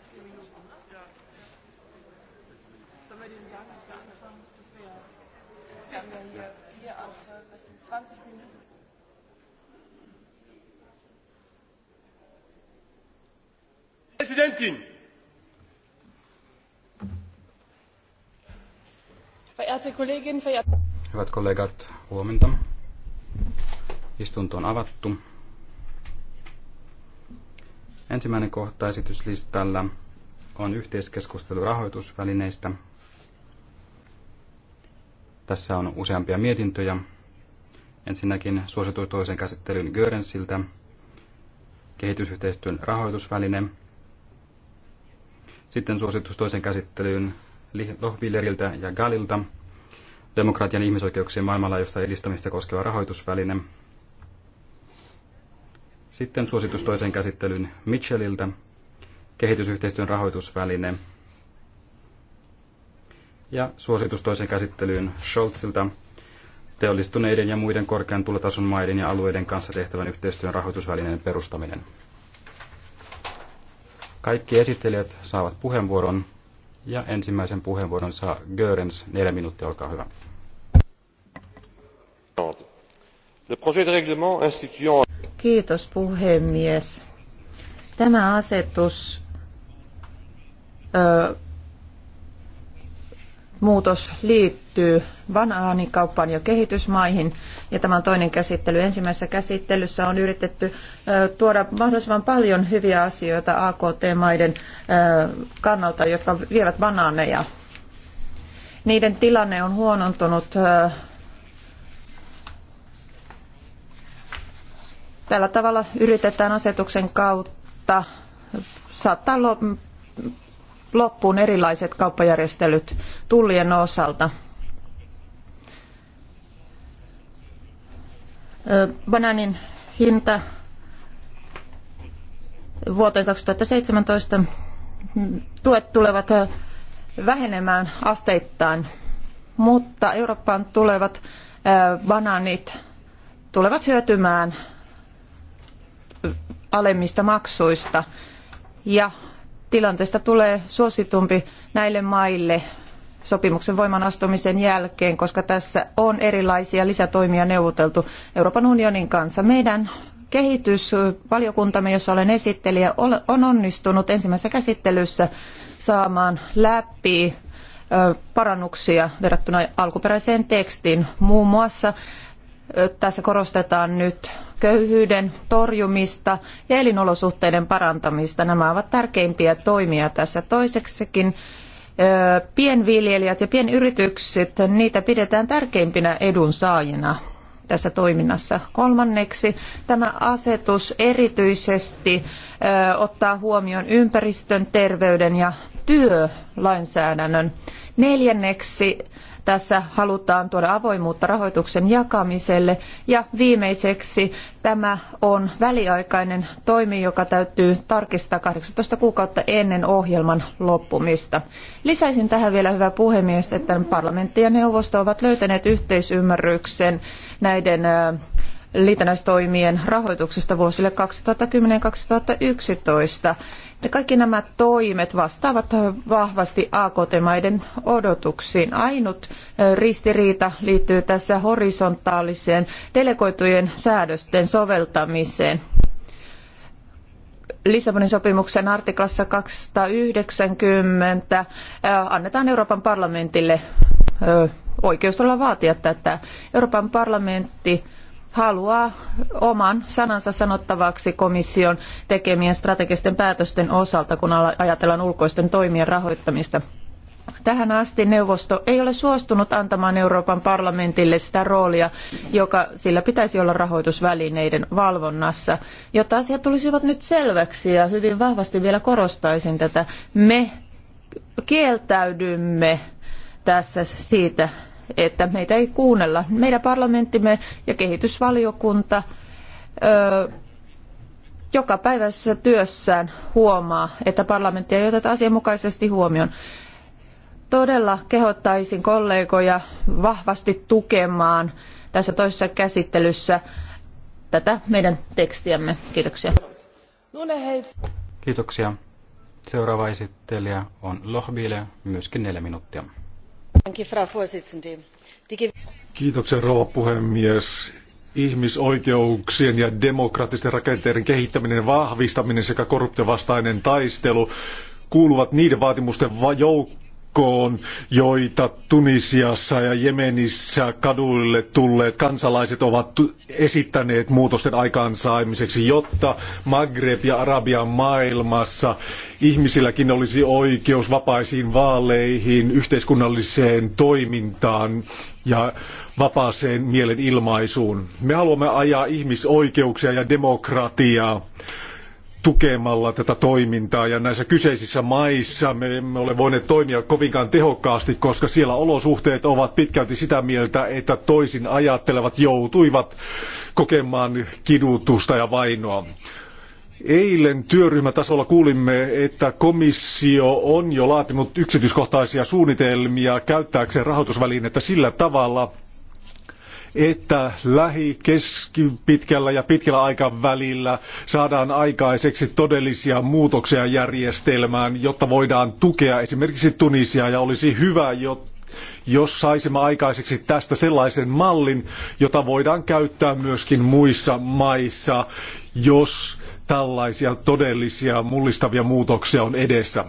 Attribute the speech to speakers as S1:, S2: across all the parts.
S1: jeweils vier Minuten, ne? Ja. Sollen wir denen sagen, dass wir anfangen, dass wir ja, wir haben ja hier vier, acht, 16, 20 Minuten. Präsidentin! Verehrte verehrte
S2: Hyvät kollegat, huomenta. Istunto on avattu. Ensimmäinen kohta esityslistalla on yhteiskeskustelu rahoitusvälineistä. Tässä on useampia mietintöjä. Ensinnäkin suosituin toisen käsittelyn Görensiltä, kehitysyhteistyön rahoitusväline. Sitten suositus toisen käsittelyyn Lohvilleriltä ja Galilta, demokratian ihmisoikeuksien maailmanlaajuista edistämistä koskeva rahoitusväline – sitten suositus toiseen käsittelyyn Mitchelliltä, kehitysyhteistyön rahoitusväline. Ja suositus toiseen käsittelyyn Scholzilta, teollistuneiden ja muiden korkean tulotason maiden ja alueiden kanssa tehtävän yhteistyön rahoitusvälineen perustaminen. Kaikki esittelijät saavat puheenvuoron ja ensimmäisen puheenvuoron saa Görens. Neljä minuuttia, olkaa hyvä.
S1: Le projet de règlement instituant Kiitos puhemies. Tämä asetus ö, muutos liittyy banaanikauppaan ja kehitysmaihin. Ja tämä on toinen käsittely. Ensimmäisessä käsittelyssä on yritetty tuoda mahdollisimman paljon hyviä asioita AKT-maiden kannalta, jotka vievät banaaneja. Niiden tilanne on huonontunut Tällä tavalla yritetään asetuksen kautta saattaa loppuun erilaiset kauppajärjestelyt tullien osalta. Bananin hinta vuoteen 2017 tuet tulevat vähenemään asteittain, mutta Eurooppaan tulevat banaanit tulevat hyötymään alemmista maksuista ja tilanteesta tulee suositumpi näille maille sopimuksen voiman astumisen jälkeen, koska tässä on erilaisia lisätoimia neuvoteltu Euroopan unionin kanssa. Meidän kehitysvaliokuntamme, jossa olen esittelijä, on onnistunut ensimmäisessä käsittelyssä saamaan läpi parannuksia verrattuna alkuperäiseen tekstiin. Muun muassa tässä korostetaan nyt köyhyyden torjumista ja elinolosuhteiden parantamista. Nämä ovat tärkeimpiä toimia tässä. Toiseksikin pienviljelijät ja pienyritykset, niitä pidetään tärkeimpinä edunsaajina tässä toiminnassa. Kolmanneksi tämä asetus erityisesti ottaa huomioon ympäristön, terveyden ja työlainsäädännön. Neljänneksi tässä halutaan tuoda avoimuutta rahoituksen jakamiselle. Ja viimeiseksi tämä on väliaikainen toimi, joka täytyy tarkistaa 18 kuukautta ennen ohjelman loppumista. Lisäisin tähän vielä, hyvä puhemies, että parlamentti ja neuvosto ovat löytäneet yhteisymmärryksen näiden liitännäistoimien rahoituksesta vuosille 2010-2011. Ja kaikki nämä toimet vastaavat vahvasti AKT-maiden odotuksiin. Ainut ristiriita liittyy tässä horisontaaliseen delegoitujen säädösten soveltamiseen. Lissabonin sopimuksen artiklassa 290 annetaan Euroopan parlamentille oikeus vaatia tätä. Euroopan parlamentti haluaa oman sanansa sanottavaksi komission tekemien strategisten päätösten osalta, kun ajatellaan ulkoisten toimien rahoittamista. Tähän asti neuvosto ei ole suostunut antamaan Euroopan parlamentille sitä roolia, joka sillä pitäisi olla rahoitusvälineiden valvonnassa. Jotta asiat tulisivat nyt selväksi ja hyvin vahvasti vielä korostaisin tätä, me kieltäydymme tässä siitä, että meitä ei kuunnella. Meidän parlamenttimme ja kehitysvaliokunta ö, joka päivässä työssään huomaa, että parlamenttia ei oteta asianmukaisesti huomioon. Todella kehottaisin kollegoja vahvasti tukemaan tässä toisessa käsittelyssä tätä meidän tekstiämme. Kiitoksia.
S2: Kiitoksia. Seuraava esittelijä on Lohbile, myöskin neljä minuuttia
S1: arvoisa
S3: puhemies. Ihmisoikeuksien ja demokraattisten rakenteiden kehittäminen ja vahvistaminen sekä korruptiovastainen taistelu kuuluvat niiden vaatimusten joukkoon, joukkoon, joita Tunisiassa ja Jemenissä kaduille tulleet kansalaiset ovat esittäneet muutosten aikaansaamiseksi, jotta Maghreb ja Arabian maailmassa ihmisilläkin olisi oikeus vapaisiin vaaleihin, yhteiskunnalliseen toimintaan ja vapaaseen mielenilmaisuun. Me haluamme ajaa ihmisoikeuksia ja demokratiaa tukemalla tätä toimintaa ja näissä kyseisissä maissa me emme ole voineet toimia kovinkaan tehokkaasti, koska siellä olosuhteet ovat pitkälti sitä mieltä, että toisin ajattelevat joutuivat kokemaan kidutusta ja vainoa. Eilen työryhmätasolla kuulimme, että komissio on jo laatinut yksityiskohtaisia suunnitelmia käyttääkseen rahoitusvälinettä sillä tavalla, että lähi, ja pitkällä aikavälillä saadaan aikaiseksi todellisia muutoksia järjestelmään, jotta voidaan tukea esimerkiksi Tunisia ja olisi hyvä, jos saisimme aikaiseksi tästä sellaisen mallin, jota voidaan käyttää myöskin muissa maissa, jos tällaisia todellisia mullistavia muutoksia on edessä.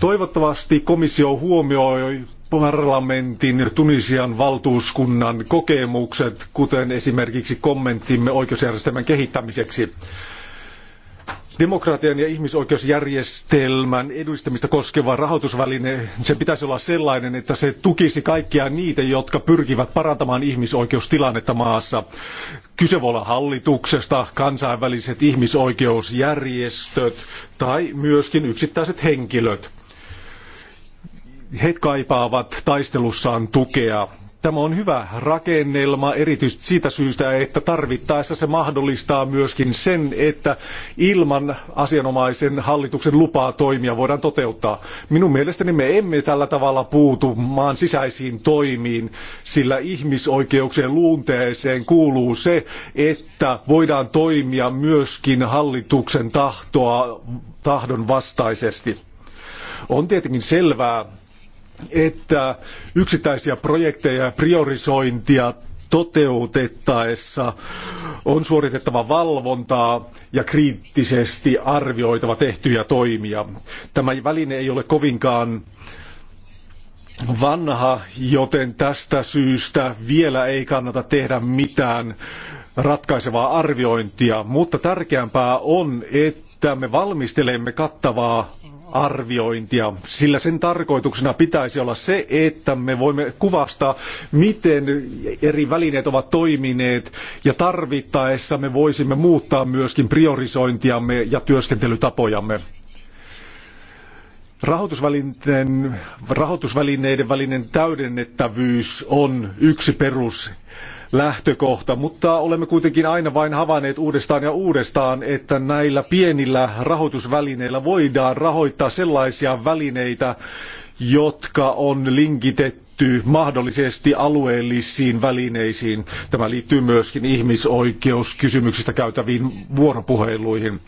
S3: Toivottavasti komissio huomioi parlamentin Tunisian valtuuskunnan kokemukset, kuten esimerkiksi kommenttimme oikeusjärjestelmän kehittämiseksi. Demokratian ja ihmisoikeusjärjestelmän edistämistä koskeva rahoitusväline, Se pitäisi olla sellainen, että se tukisi kaikkia niitä, jotka pyrkivät parantamaan ihmisoikeustilannetta maassa. Kyse voi olla hallituksesta, kansainväliset ihmisoikeusjärjestöt tai myöskin yksittäiset henkilöt he kaipaavat taistelussaan tukea. Tämä on hyvä rakennelma erityisesti siitä syystä, että tarvittaessa se mahdollistaa myöskin sen, että ilman asianomaisen hallituksen lupaa toimia voidaan toteuttaa. Minun mielestäni me emme tällä tavalla puutu maan sisäisiin toimiin, sillä ihmisoikeuksien luonteeseen kuuluu se, että voidaan toimia myöskin hallituksen tahtoa tahdon vastaisesti. On tietenkin selvää, että yksittäisiä projekteja ja priorisointia toteutettaessa on suoritettava valvontaa ja kriittisesti arvioitava tehtyjä toimia. Tämä väline ei ole kovinkaan vanha, joten tästä syystä vielä ei kannata tehdä mitään ratkaisevaa arviointia, mutta tärkeämpää on, että että me valmistelemme kattavaa arviointia, sillä sen tarkoituksena pitäisi olla se, että me voimme kuvastaa, miten eri välineet ovat toimineet ja tarvittaessa me voisimme muuttaa myöskin priorisointiamme ja työskentelytapojamme. Rahoitusvälineiden, rahoitusvälineiden välinen täydennettävyys on yksi perus lähtökohta, mutta olemme kuitenkin aina vain havainneet uudestaan ja uudestaan, että näillä pienillä rahoitusvälineillä voidaan rahoittaa sellaisia välineitä, jotka on linkitetty liittyy mahdollisesti alueellisiin välineisiin. Tämä liittyy myöskin ihmisoikeuskysymyksistä käytäviin vuoropuheluihin.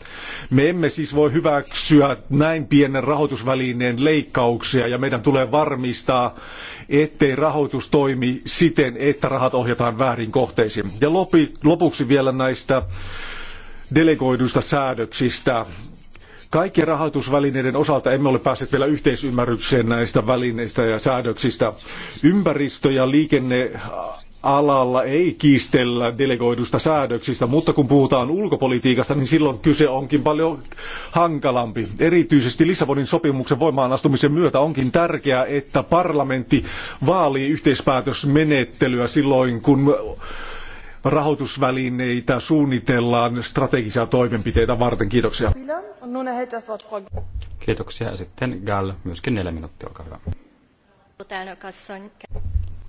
S3: Me emme siis voi hyväksyä näin pienen rahoitusvälineen leikkauksia ja meidän tulee varmistaa, ettei rahoitus toimi siten, että rahat ohjataan väärin kohteisiin. Ja lopuksi vielä näistä delegoiduista säädöksistä. Kaikkien rahoitusvälineiden osalta emme ole päässeet vielä yhteisymmärrykseen näistä välineistä ja säädöksistä. Ympäristö- ja liikennealalla ei kiistellä delegoidusta säädöksistä, mutta kun puhutaan ulkopolitiikasta, niin silloin kyse onkin paljon hankalampi. Erityisesti Lissabonin sopimuksen voimaanastumisen myötä onkin tärkeää, että parlamentti vaalii yhteispäätösmenettelyä silloin, kun rahoitusvälineitä suunnitellaan strategisia toimenpiteitä varten. Kiitoksia.
S2: Kiitoksia. Sitten Gal, myöskin neljä minuuttia, olkaa hyvä.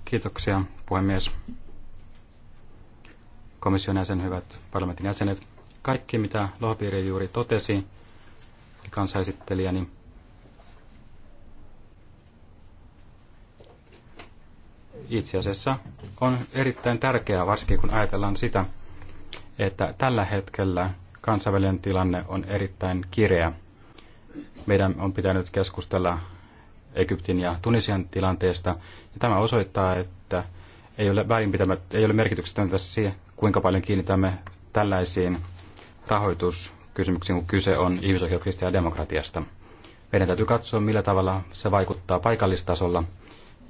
S2: Kiitoksia, puhemies. Komission jäsen, hyvät parlamentin jäsenet. Kaikki, mitä Lohpiiri juuri totesi, eli kansanesittelijäni, niin itse asiassa on erittäin tärkeää, varsinkin kun ajatellaan sitä, että tällä hetkellä kansainvälinen tilanne on erittäin kireä. Meidän on pitänyt keskustella Egyptin ja Tunisian tilanteesta, ja tämä osoittaa, että ei ole, ei ole merkityksetöntä siihen, kuinka paljon kiinnitämme tällaisiin rahoituskysymyksiin, kun kyse on ihmisoikeuksista ja demokratiasta. Meidän täytyy katsoa, millä tavalla se vaikuttaa paikallistasolla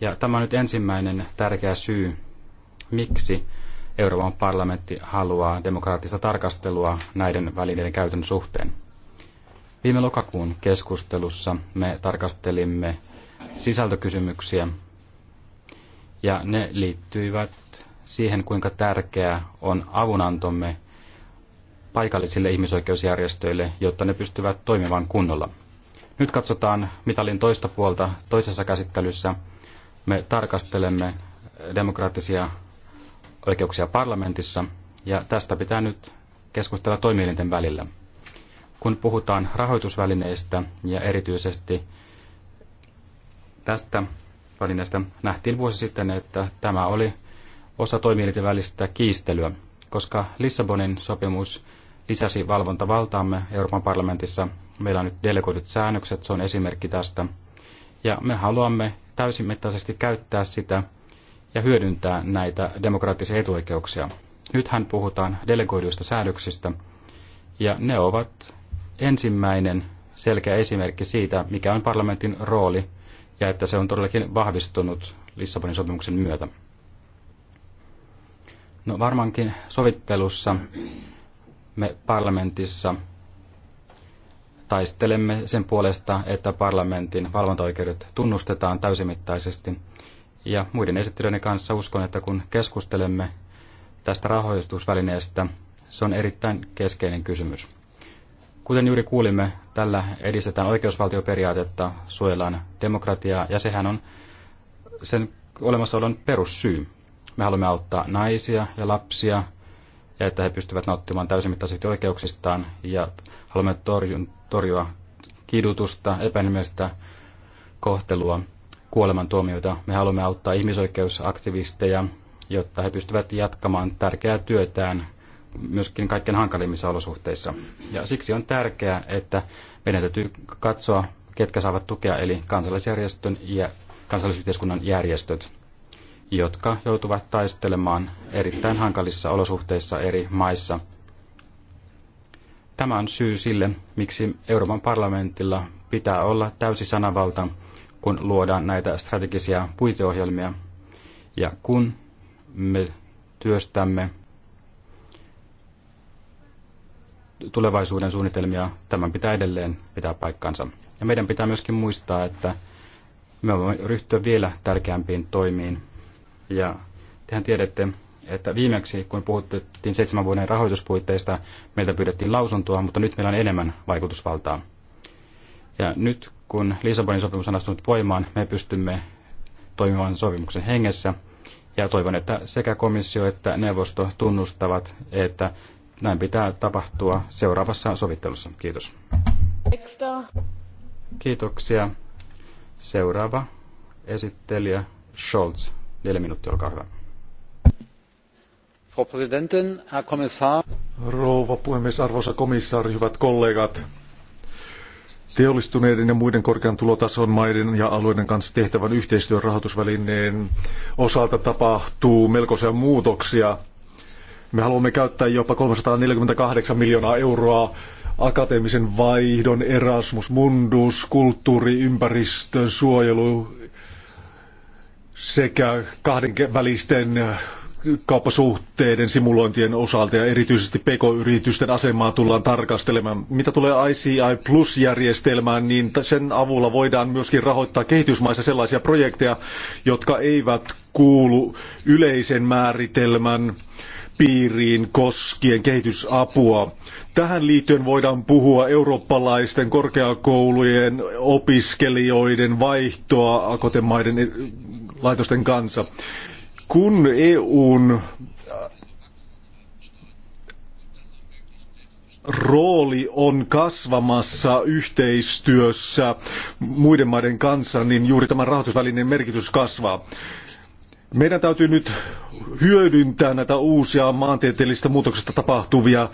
S2: ja tämä on nyt ensimmäinen tärkeä syy, miksi Euroopan parlamentti haluaa demokraattista tarkastelua näiden välineiden käytön suhteen. Viime lokakuun keskustelussa me tarkastelimme sisältökysymyksiä, ja ne liittyivät siihen, kuinka tärkeää on avunantomme paikallisille ihmisoikeusjärjestöille, jotta ne pystyvät toimimaan kunnolla. Nyt katsotaan mitalin toista puolta toisessa käsittelyssä – me tarkastelemme demokraattisia oikeuksia parlamentissa, ja tästä pitää nyt keskustella toimielinten välillä. Kun puhutaan rahoitusvälineistä ja erityisesti tästä välineestä, nähtiin vuosi sitten, että tämä oli osa toimielinten välistä kiistelyä, koska Lissabonin sopimus lisäsi valvontavaltaamme Euroopan parlamentissa. Meillä on nyt delegoidut säännökset, se on esimerkki tästä. Ja me haluamme täysimittaisesti käyttää sitä ja hyödyntää näitä demokraattisia etuoikeuksia. Nythän puhutaan delegoiduista säädöksistä, ja ne ovat ensimmäinen selkeä esimerkki siitä, mikä on parlamentin rooli ja että se on todellakin vahvistunut Lissabonin sopimuksen myötä. No varmaankin sovittelussa me parlamentissa – taistelemme sen puolesta, että parlamentin valvontaoikeudet tunnustetaan täysimittaisesti. Ja muiden esittelijöiden kanssa uskon, että kun keskustelemme tästä rahoitusvälineestä, se on erittäin keskeinen kysymys. Kuten juuri kuulimme, tällä edistetään oikeusvaltioperiaatetta, suojellaan demokratiaa ja sehän on sen olemassaolon perussyy. Me haluamme auttaa naisia ja lapsia, ja että he pystyvät nauttimaan täysimittaisesti oikeuksistaan ja haluamme torjua kidutusta, epänimeistä kohtelua, kuolemantuomioita. Me haluamme auttaa ihmisoikeusaktivisteja, jotta he pystyvät jatkamaan tärkeää työtään myöskin kaikkein hankalimmissa olosuhteissa. Ja siksi on tärkeää, että meidän täytyy katsoa, ketkä saavat tukea, eli kansalaisjärjestön ja kansallisyhteiskunnan järjestöt jotka joutuvat taistelemaan erittäin hankalissa olosuhteissa eri maissa. Tämä on syy sille, miksi Euroopan parlamentilla pitää olla täysi sanavalta, kun luodaan näitä strategisia puiteohjelmia ja kun me työstämme tulevaisuuden suunnitelmia, tämän pitää edelleen pitää paikkansa. Ja meidän pitää myöskin muistaa, että me voimme ryhtyä vielä tärkeämpiin toimiin ja tehän tiedätte, että viimeksi, kun puhuttiin seitsemän vuoden rahoituspuitteista, meiltä pyydettiin lausuntoa, mutta nyt meillä on enemmän vaikutusvaltaa. Ja nyt, kun Lissabonin sopimus on astunut voimaan, me pystymme toimimaan sopimuksen hengessä. Ja toivon, että sekä komissio että neuvosto tunnustavat, että näin pitää tapahtua seuraavassa sovittelussa. Kiitos. Kiitoksia. Seuraava esittelijä Scholz. Neljä Frau Präsidentin, Herr
S3: Kommissar. Rouva puhemies, arvoisa komissaari, hyvät kollegat. Teollistuneiden ja muiden korkean tulotason maiden ja alueiden kanssa tehtävän yhteistyön rahoitusvälineen osalta tapahtuu melkoisia muutoksia. Me haluamme käyttää jopa 348 miljoonaa euroa akateemisen vaihdon, Erasmus Mundus, kulttuuri, ympäristön suojelu, sekä kahdenvälisten kauppasuhteiden simulointien osalta ja erityisesti PK-yritysten asemaa tullaan tarkastelemaan. Mitä tulee ICI Plus-järjestelmään, niin sen avulla voidaan myöskin rahoittaa kehitysmaissa sellaisia projekteja, jotka eivät kuulu yleisen määritelmän piiriin koskien kehitysapua. Tähän liittyen voidaan puhua eurooppalaisten korkeakoulujen opiskelijoiden vaihtoa akotemaiden laitosten kanssa. Kun EUn rooli on kasvamassa yhteistyössä muiden maiden kanssa, niin juuri tämän rahoitusvälineen merkitys kasvaa. Meidän täytyy nyt hyödyntää näitä uusia maantieteellisistä muutoksista tapahtuvia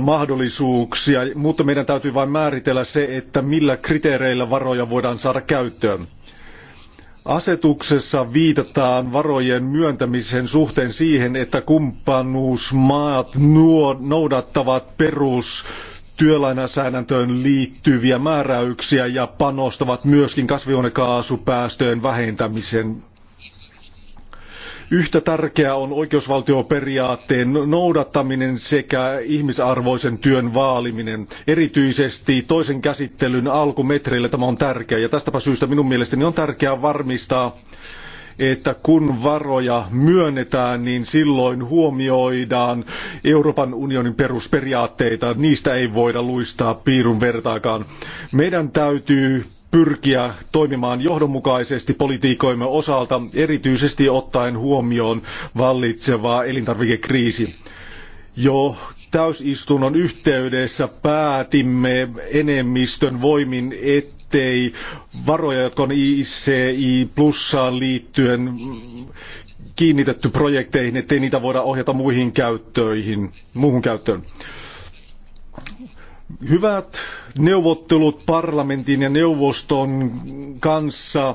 S3: mahdollisuuksia, mutta meidän täytyy vain määritellä se, että millä kriteereillä varoja voidaan saada käyttöön. Asetuksessa viitataan varojen myöntämisen suhteen siihen, että kumppanuusmaat nuo noudattavat perus työlainasäädäntöön liittyviä määräyksiä ja panostavat myöskin kasvihuonekaasupäästöjen vähentämisen Yhtä tärkeää on oikeusvaltioperiaatteen noudattaminen sekä ihmisarvoisen työn vaaliminen. Erityisesti toisen käsittelyn alkumetreillä tämä on tärkeää ja tästäpä syystä minun mielestäni on tärkeää varmistaa, että kun varoja myönnetään, niin silloin huomioidaan Euroopan unionin perusperiaatteita. Niistä ei voida luistaa piirun vertaakaan. Meidän täytyy pyrkiä toimimaan johdonmukaisesti politiikoimme osalta, erityisesti ottaen huomioon vallitsevaa elintarvikekriisi. Jo täysistunnon yhteydessä päätimme enemmistön voimin, ettei varoja, jotka on ICI plussaan liittyen kiinnitetty projekteihin, ettei niitä voida ohjata muihin käyttöihin, muuhun käyttöön. Hyvät neuvottelut parlamentin ja neuvoston kanssa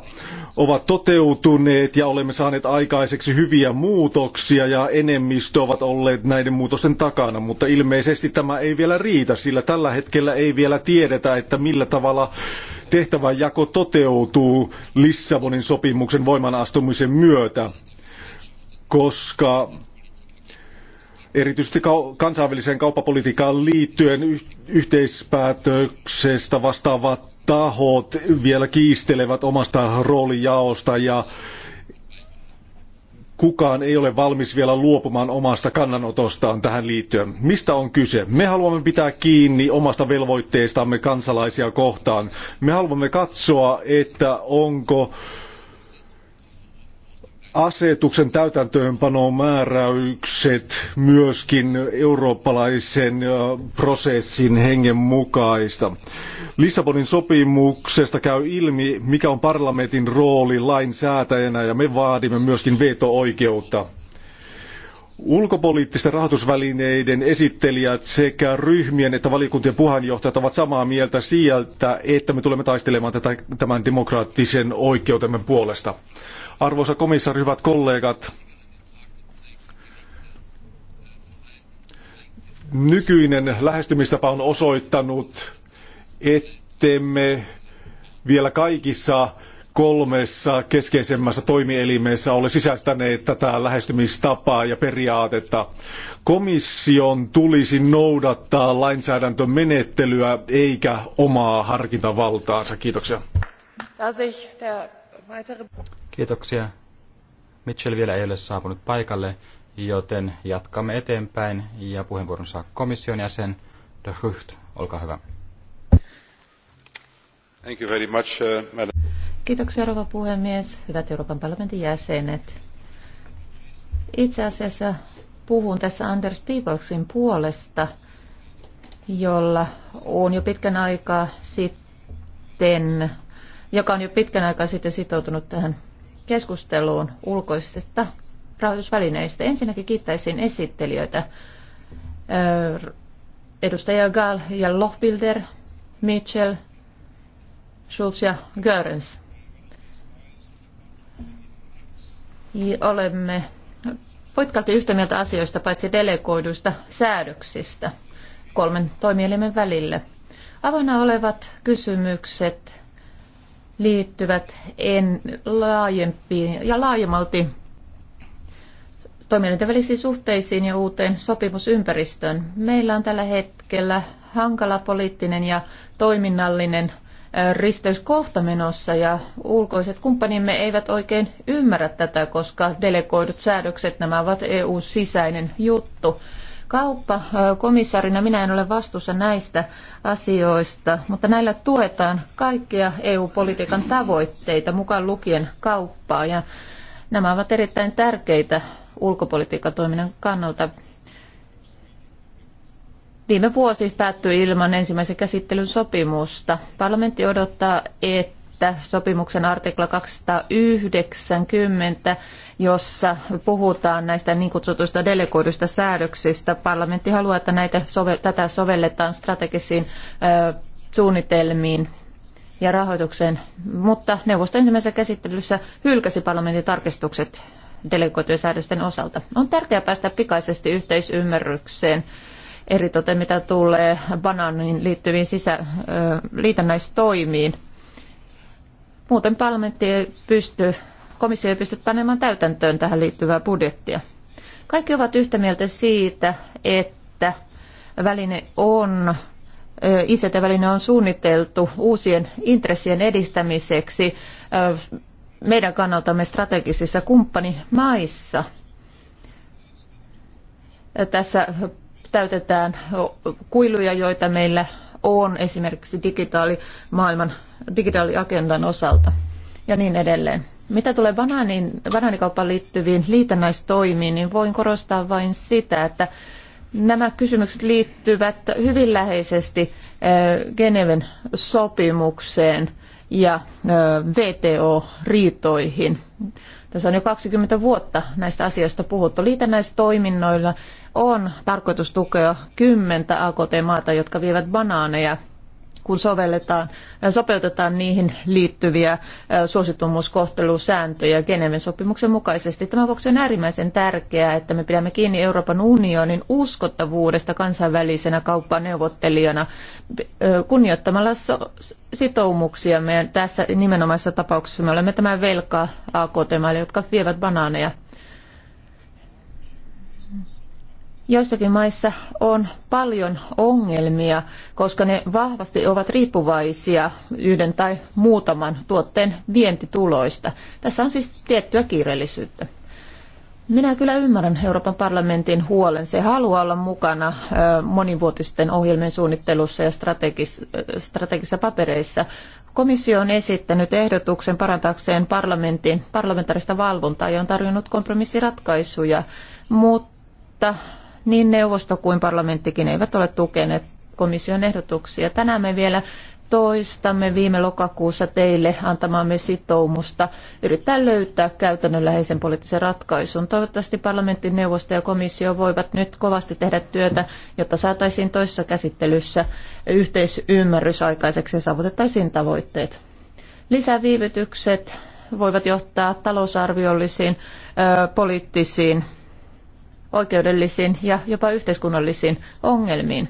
S3: ovat toteutuneet ja olemme saaneet aikaiseksi hyviä muutoksia ja enemmistö ovat olleet näiden muutosten takana, mutta ilmeisesti tämä ei vielä riitä, sillä tällä hetkellä ei vielä tiedetä, että millä tavalla tehtävänjako toteutuu Lissabonin sopimuksen voimanastumisen myötä koska erityisesti kansainväliseen kauppapolitiikkaan liittyen yhteispäätöksestä vastaavat tahot vielä kiistelevät omasta roolijaosta ja kukaan ei ole valmis vielä luopumaan omasta kannanotostaan tähän liittyen. Mistä on kyse? Me haluamme pitää kiinni omasta velvoitteestamme kansalaisia kohtaan. Me haluamme katsoa, että onko asetuksen täytäntöönpanon määräykset myöskin eurooppalaisen prosessin hengen mukaista. Lissabonin sopimuksesta käy ilmi, mikä on parlamentin rooli lainsäätäjänä ja me vaadimme myöskin veto-oikeutta. Ulkopoliittisten rahoitusvälineiden esittelijät sekä ryhmien että valiokuntien puheenjohtajat ovat samaa mieltä sieltä, että me tulemme taistelemaan tätä, tämän demokraattisen oikeutemme puolesta. Arvoisa komissaari, hyvät kollegat, nykyinen lähestymistapa on osoittanut, ettemme vielä kaikissa kolmessa keskeisemmässä toimielimessä ole sisäistäneet tätä lähestymistapaa ja periaatetta. Komission tulisi noudattaa lainsäädäntömenettelyä eikä omaa
S2: harkintavaltaansa. Kiitoksia. Kiitoksia. Mitchell vielä ei ole saapunut paikalle, joten jatkamme eteenpäin ja puheenvuoron saa komission jäsen De Hucht. Olkaa hyvä. Thank you very much, uh,
S1: madam. Kiitoksia rouva puhemies, hyvät Euroopan parlamentin jäsenet. Itse asiassa puhun tässä Anders Peoplesin puolesta, jolla on jo pitkän aikaa sitten, joka on jo pitkän aikaa sitten sitoutunut tähän keskusteluun ulkoisista rahoitusvälineistä. Ensinnäkin kiittäisin esittelijöitä edustaja Gall ja Lochbilder, Mitchell, Schulz ja Görens. Olemme poikkalti yhtä mieltä asioista paitsi delegoiduista säädöksistä kolmen toimielimen välille. Avoinna olevat kysymykset liittyvät en laajempiin ja laajemmalti toimijoiden välisiin suhteisiin ja uuteen sopimusympäristöön. Meillä on tällä hetkellä hankala poliittinen ja toiminnallinen risteyskohta menossa ja ulkoiset kumppanimme eivät oikein ymmärrä tätä, koska delegoidut säädökset nämä ovat EU-sisäinen juttu. Kauppakomissarina minä en ole vastuussa näistä asioista, mutta näillä tuetaan kaikkia EU-politiikan tavoitteita, mukaan lukien kauppaa. Ja nämä ovat erittäin tärkeitä ulkopolitiikan toiminnan kannalta. Viime vuosi päättyi ilman ensimmäisen käsittelyn sopimusta. Parlamentti odottaa, että että sopimuksen artikla 290, jossa puhutaan näistä niin kutsutuista delegoiduista säädöksistä, parlamentti haluaa, että näitä sove- tätä sovelletaan strategisiin ö, suunnitelmiin ja rahoitukseen, mutta neuvosto ensimmäisessä käsittelyssä hylkäsi parlamentin tarkistukset delegoitujen säädösten osalta. On tärkeää päästä pikaisesti yhteisymmärrykseen eritoten mitä tulee banaanin liittyviin sisä, liitännäistoimiin. Muuten parlamentti ei pysty, komissio ei pysty panemaan täytäntöön tähän liittyvää budjettia. Kaikki ovat yhtä mieltä siitä, että väline on ICT-väline on suunniteltu uusien intressien edistämiseksi meidän kannaltamme strategisissa kumppanimaissa. Tässä täytetään kuiluja, joita meillä on esimerkiksi digitaalimaailman digitaaliagendan osalta ja niin edelleen. Mitä tulee banaanin, banaanikauppaan liittyviin liitännäistoimiin, niin voin korostaa vain sitä, että nämä kysymykset liittyvät hyvin läheisesti eh, Geneven sopimukseen ja eh, VTO-riitoihin. Tässä on jo 20 vuotta näistä asioista puhuttu. Liitännäistoiminnoilla on tarkoitus tukea kymmentä AKT-maata, jotka vievät banaaneja kun sovelletaan, äh, sopeutetaan niihin liittyviä äh, suositumuskohtelusääntöjä Geneven sopimuksen mukaisesti. Tämän vuoksi on äärimmäisen tärkeää, että me pidämme kiinni Euroopan unionin uskottavuudesta kansainvälisenä kauppaneuvottelijana äh, kunnioittamalla sitoumuksia. Me tässä nimenomaisessa tapauksessa me olemme tämän velkaa AKT-maille, jotka vievät banaaneja joissakin maissa on paljon ongelmia, koska ne vahvasti ovat riippuvaisia yhden tai muutaman tuotteen vientituloista. Tässä on siis tiettyä kiireellisyyttä. Minä kyllä ymmärrän Euroopan parlamentin huolen. Se haluaa olla mukana monivuotisten ohjelmien suunnittelussa ja strategis- strategisissa papereissa. Komissio on esittänyt ehdotuksen parantaakseen parlamentin parlamentaarista valvontaa ja on tarjonnut kompromissiratkaisuja, mutta niin neuvosto kuin parlamenttikin eivät ole tukeneet komission ehdotuksia. Tänään me vielä toistamme viime lokakuussa teille antamaamme sitoumusta yrittää löytää käytännönläheisen poliittisen ratkaisun. Toivottavasti parlamentin neuvosto ja komissio voivat nyt kovasti tehdä työtä, jotta saataisiin toisessa käsittelyssä yhteisymmärrys aikaiseksi ja saavutettaisiin tavoitteet. Lisäviivytykset voivat johtaa talousarviollisiin poliittisiin oikeudellisiin ja jopa yhteiskunnallisiin ongelmiin.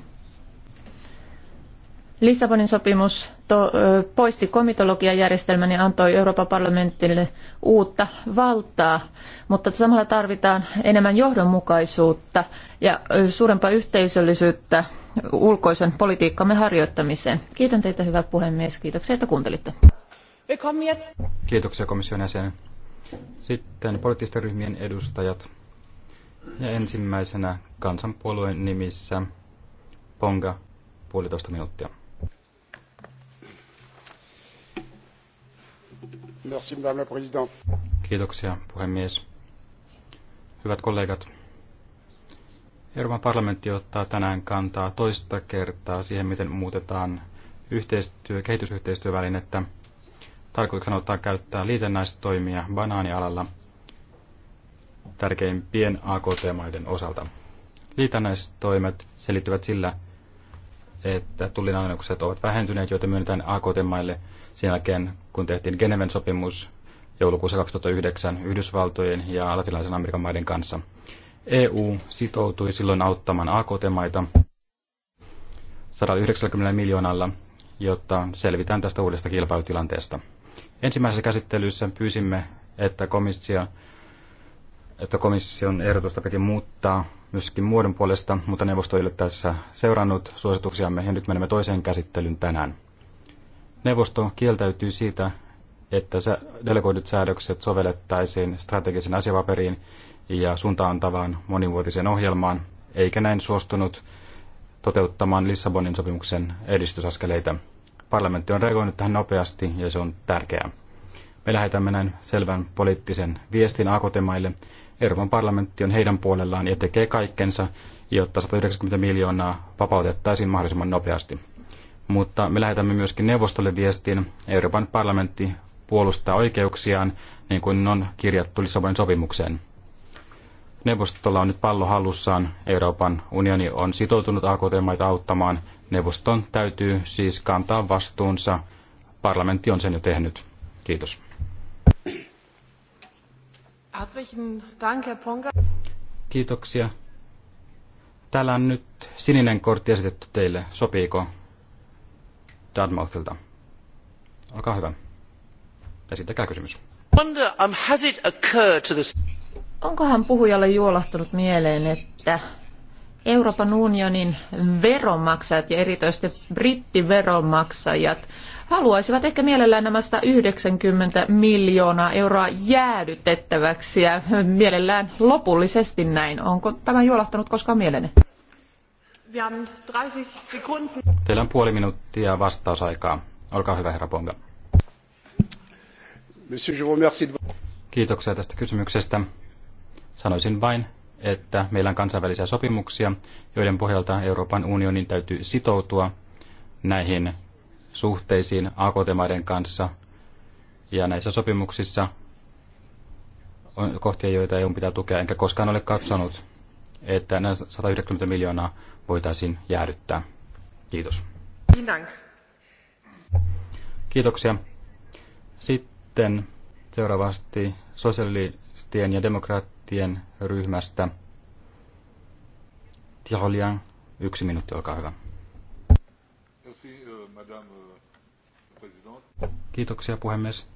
S1: Lissabonin sopimus to, poisti komitologiajärjestelmän ja antoi Euroopan parlamentille uutta valtaa, mutta samalla tarvitaan enemmän johdonmukaisuutta ja suurempaa yhteisöllisyyttä ulkoisen politiikkamme harjoittamiseen. Kiitän teitä, hyvä puhemies. Kiitoksia, että kuuntelitte. Kiitoksia komission jäsen.
S2: Sitten poliittisten ryhmien edustajat. Ja ensimmäisenä kansanpuolueen nimissä Ponga, puolitoista minuuttia.
S3: Merci, madame la présidente.
S2: Kiitoksia, puhemies. Hyvät kollegat, Euroopan parlamentti ottaa tänään kantaa toista kertaa siihen, miten muutetaan yhteistyö, kehitysyhteistyövälinettä. Tarkoituksena ottaa käyttää liitännäistoimia banaanialalla – tärkeimpien AKT-maiden osalta. Liitännäistoimet selittyvät sillä, että tullinannokset ovat vähentyneet, joita myönnetään AKT-maille sen jälkeen, kun tehtiin Geneven sopimus joulukuussa 2009 Yhdysvaltojen ja latinalaisen Amerikan maiden kanssa. EU sitoutui silloin auttamaan AKT-maita 190 miljoonalla, jotta selvitään tästä uudesta kilpailutilanteesta. Ensimmäisessä käsittelyssä pyysimme, että komissio että komission ehdotusta piti muuttaa myöskin muodon puolesta, mutta neuvosto ei ole tässä seurannut suosituksiamme ja nyt menemme toiseen käsittelyyn tänään. Neuvosto kieltäytyy siitä, että delegoidut säädökset sovellettaisiin strategisen asiapaperiin ja suuntaantavaan monivuotiseen ohjelmaan, eikä näin suostunut toteuttamaan Lissabonin sopimuksen edistysaskeleita. Parlamentti on reagoinut tähän nopeasti ja se on tärkeää. Me lähetämme näin selvän poliittisen viestin AKT-maille, Euroopan parlamentti on heidän puolellaan ja tekee kaikkensa, jotta 190 miljoonaa vapautettaisiin mahdollisimman nopeasti. Mutta me lähetämme myöskin neuvostolle viestin, Euroopan parlamentti puolustaa oikeuksiaan, niin kuin on kirjattu Lissabonin sopimukseen. Neuvostolla on nyt pallo hallussaan. Euroopan unioni on sitoutunut AKT-maita auttamaan. Neuvoston täytyy siis kantaa vastuunsa. Parlamentti on sen jo tehnyt. Kiitos. Kiitoksia. Täällä on nyt sininen kortti esitetty teille. Sopiiko Dartmouthilta? Olkaa hyvä. Esittäkää kysymys. Um,
S1: Onkohan puhujalle juolahtanut mieleen, että Euroopan unionin veronmaksajat ja erityisesti brittiveronmaksajat haluaisivat ehkä mielellään nämä 190 miljoonaa euroa jäädytettäväksi ja mielellään lopullisesti näin. Onko tämä juolahtanut koskaan mielenne?
S2: Teillä on puoli minuuttia vastausaikaa. Olkaa hyvä, herra Ponga. Kiitoksia tästä kysymyksestä. Sanoisin vain, että meillä on kansainvälisiä sopimuksia, joiden pohjalta Euroopan unionin täytyy sitoutua näihin suhteisiin AKT-maiden kanssa. Ja näissä sopimuksissa on kohtia, joita EU pitää tukea, enkä koskaan ole katsonut, että nämä 190 miljoonaa voitaisiin jäädyttää. Kiitos. Kiitoksia. Sitten seuraavasti sosialistien ja demokraattien demokraattien ryhmästä. Tiholian yksi minuutti, olkaa hyvä.
S3: Euh, euh,
S2: Kiitoksia puhemies.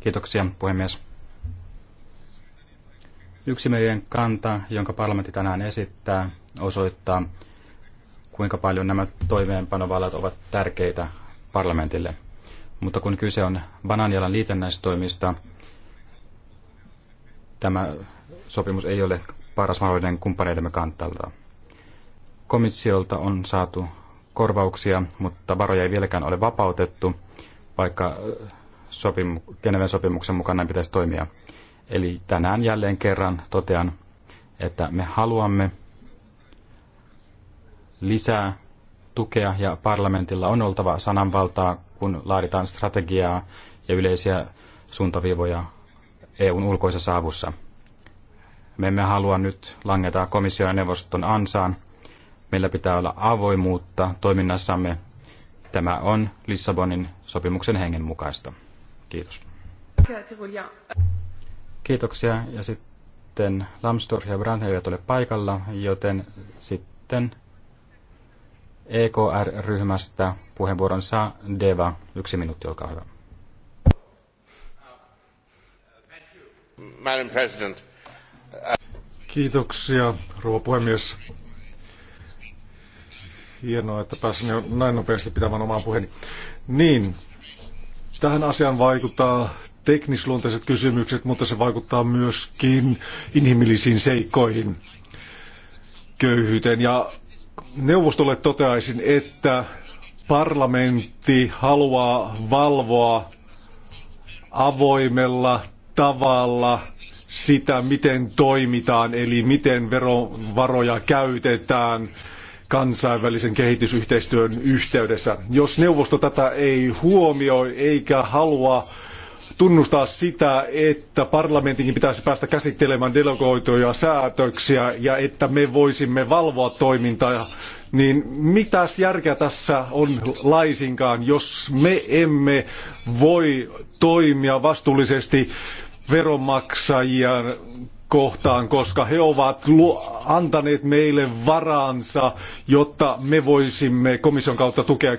S2: Kiitoksia puhemies. Yksimielinen kanta, jonka parlamentti tänään esittää, osoittaa, kuinka paljon nämä toimeenpanovallat ovat tärkeitä parlamentille. Mutta kun kyse on bananjalan liitännäistoimista, tämä sopimus ei ole paras mahdollinen kumppaneidemme kantalta. Komissiolta on saatu korvauksia, mutta varoja ei vieläkään ole vapautettu, vaikka sopimu- Geneven sopimuksen mukaan näin pitäisi toimia. Eli tänään jälleen kerran totean, että me haluamme lisää tukea ja parlamentilla on oltava sananvaltaa, kun laaditaan strategiaa ja yleisiä suuntaviivoja EUn ulkoisessa avussa. Me emme halua nyt langeta komission ja neuvoston ansaan. Meillä pitää olla avoimuutta toiminnassamme. Tämä on Lissabonin sopimuksen hengen mukaista. Kiitos. Kiitoksia. Ja sitten Lamstor ja Brandt eivät ole paikalla, joten sitten EKR-ryhmästä puheenvuoron saa Deva. Yksi minuutti, olkaa hyvä.
S3: Madam President. Kiitoksia, rouva puhemies. Hienoa, että pääsin jo näin nopeasti pitämään omaa puheeni. Niin, tähän asiaan vaikuttaa teknisluonteiset kysymykset, mutta se vaikuttaa myöskin inhimillisiin seikkoihin, köyhyyteen ja neuvostolle toteaisin, että parlamentti haluaa valvoa avoimella tavalla sitä, miten toimitaan, eli miten verovaroja käytetään kansainvälisen kehitysyhteistyön yhteydessä. Jos neuvosto tätä ei huomioi eikä halua tunnustaa sitä, että parlamentinkin pitäisi päästä käsittelemään delegoituja säätöksiä ja että me voisimme valvoa toimintaa, niin mitäs järkeä tässä on laisinkaan, jos me emme voi toimia vastuullisesti veronmaksajia kohtaan, koska he ovat antaneet meille varansa, jotta me voisimme komission kautta tukea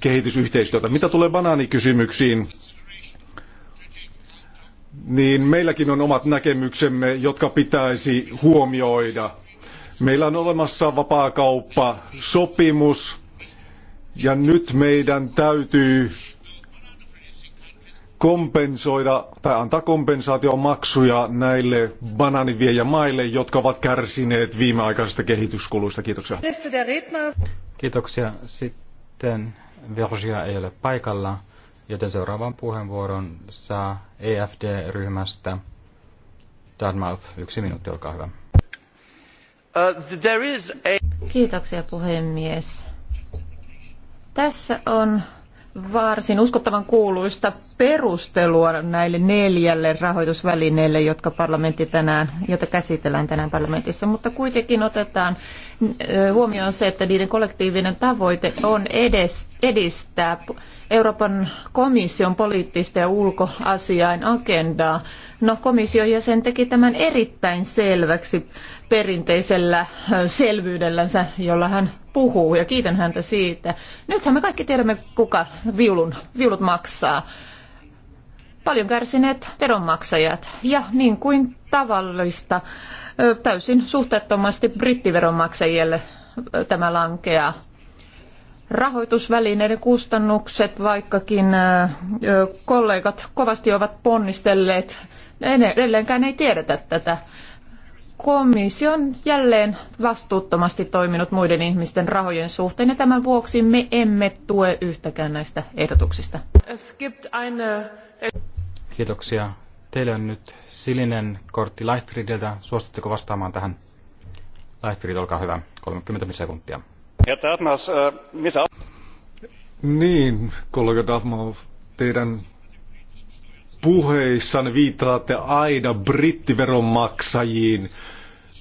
S3: kehitysyhteistyötä. Mitä tulee banaanikysymyksiin, niin meilläkin on omat näkemyksemme, jotka pitäisi huomioida. Meillä on olemassa vapaakauppa, sopimus, ja nyt meidän täytyy kompensoida tai antaa kompensaatiomaksuja näille banaaniviejämaille, jotka ovat kärsineet viimeaikaisista kehityskuluista. Kiitoksia.
S2: Kiitoksia. Sitten Virgia ei ole paikalla joten seuraavan puheenvuoron saa EFD-ryhmästä. Dartmouth, yksi minuutti, olkaa hyvä.
S1: Uh, there is a... Kiitoksia puhemies. Tässä on varsin uskottavan kuuluista perustelua näille neljälle rahoitusvälineelle, jotka parlamentti tänään, jota käsitellään tänään parlamentissa, mutta kuitenkin otetaan huomioon se, että niiden kollektiivinen tavoite on edes, edistää Euroopan komission poliittista ja ulkoasiain agendaa. No komission jäsen teki tämän erittäin selväksi perinteisellä selvyydellänsä, jolla hän puhuu ja kiitän häntä siitä. Nythän me kaikki tiedämme, kuka viulun, viulut maksaa. Paljon kärsineet veronmaksajat ja niin kuin tavallista täysin suhteettomasti brittiveronmaksajille tämä lankeaa rahoitusvälineiden kustannukset, vaikkakin kollegat kovasti ovat ponnistelleet. Edelleenkään ei tiedetä tätä komissio on jälleen vastuuttomasti toiminut muiden ihmisten rahojen suhteen ja tämän vuoksi me emme tue yhtäkään näistä ehdotuksista.
S2: Kiitoksia. Teillä on nyt silinen kortti Lightfriedeltä. Suostutteko vastaamaan tähän? Lightfried, olkaa hyvä. 30 sekuntia. Äh, niin, kollega Dafmov,
S3: teidän puheissanne viittaatte aina brittiveronmaksajiin.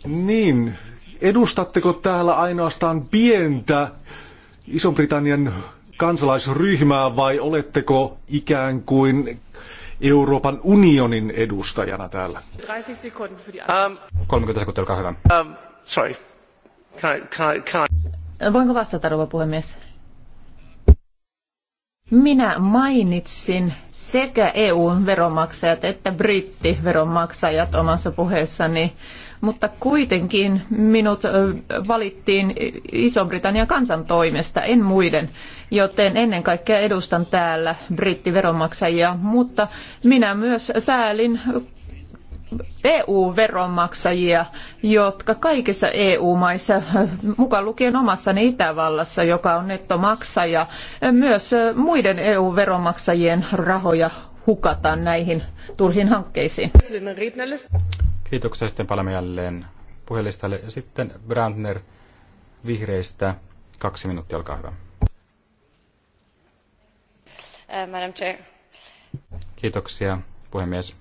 S3: Niin, edustatteko täällä ainoastaan pientä iso britannian kansalaisryhmää vai oletteko ikään kuin Euroopan unionin edustajana täällä?
S1: 30 sekuntia. 30 sekuntia, olkaa hyvä. Um, sorry. Can I, can I, can I... Voinko vastata, rouva puhemies? Minä mainitsin sekä EU-veronmaksajat että brittiveronmaksajat omassa puheessani, mutta kuitenkin minut valittiin Iso-Britannian kansan toimesta, en muiden, joten ennen kaikkea edustan täällä brittiveronmaksajia, mutta minä myös säälin EU-veronmaksajia, jotka kaikissa EU-maissa, mukaan lukien omassani Itävallassa, joka on nettomaksaja, myös muiden EU-veronmaksajien rahoja hukataan näihin turhiin hankkeisiin.
S2: Kiitoksia sitten palaamme jälleen puhelistalle. Sitten Brandner Vihreistä. Kaksi minuuttia, olkaa hyvä. Madam Chair. Kiitoksia, puhemies.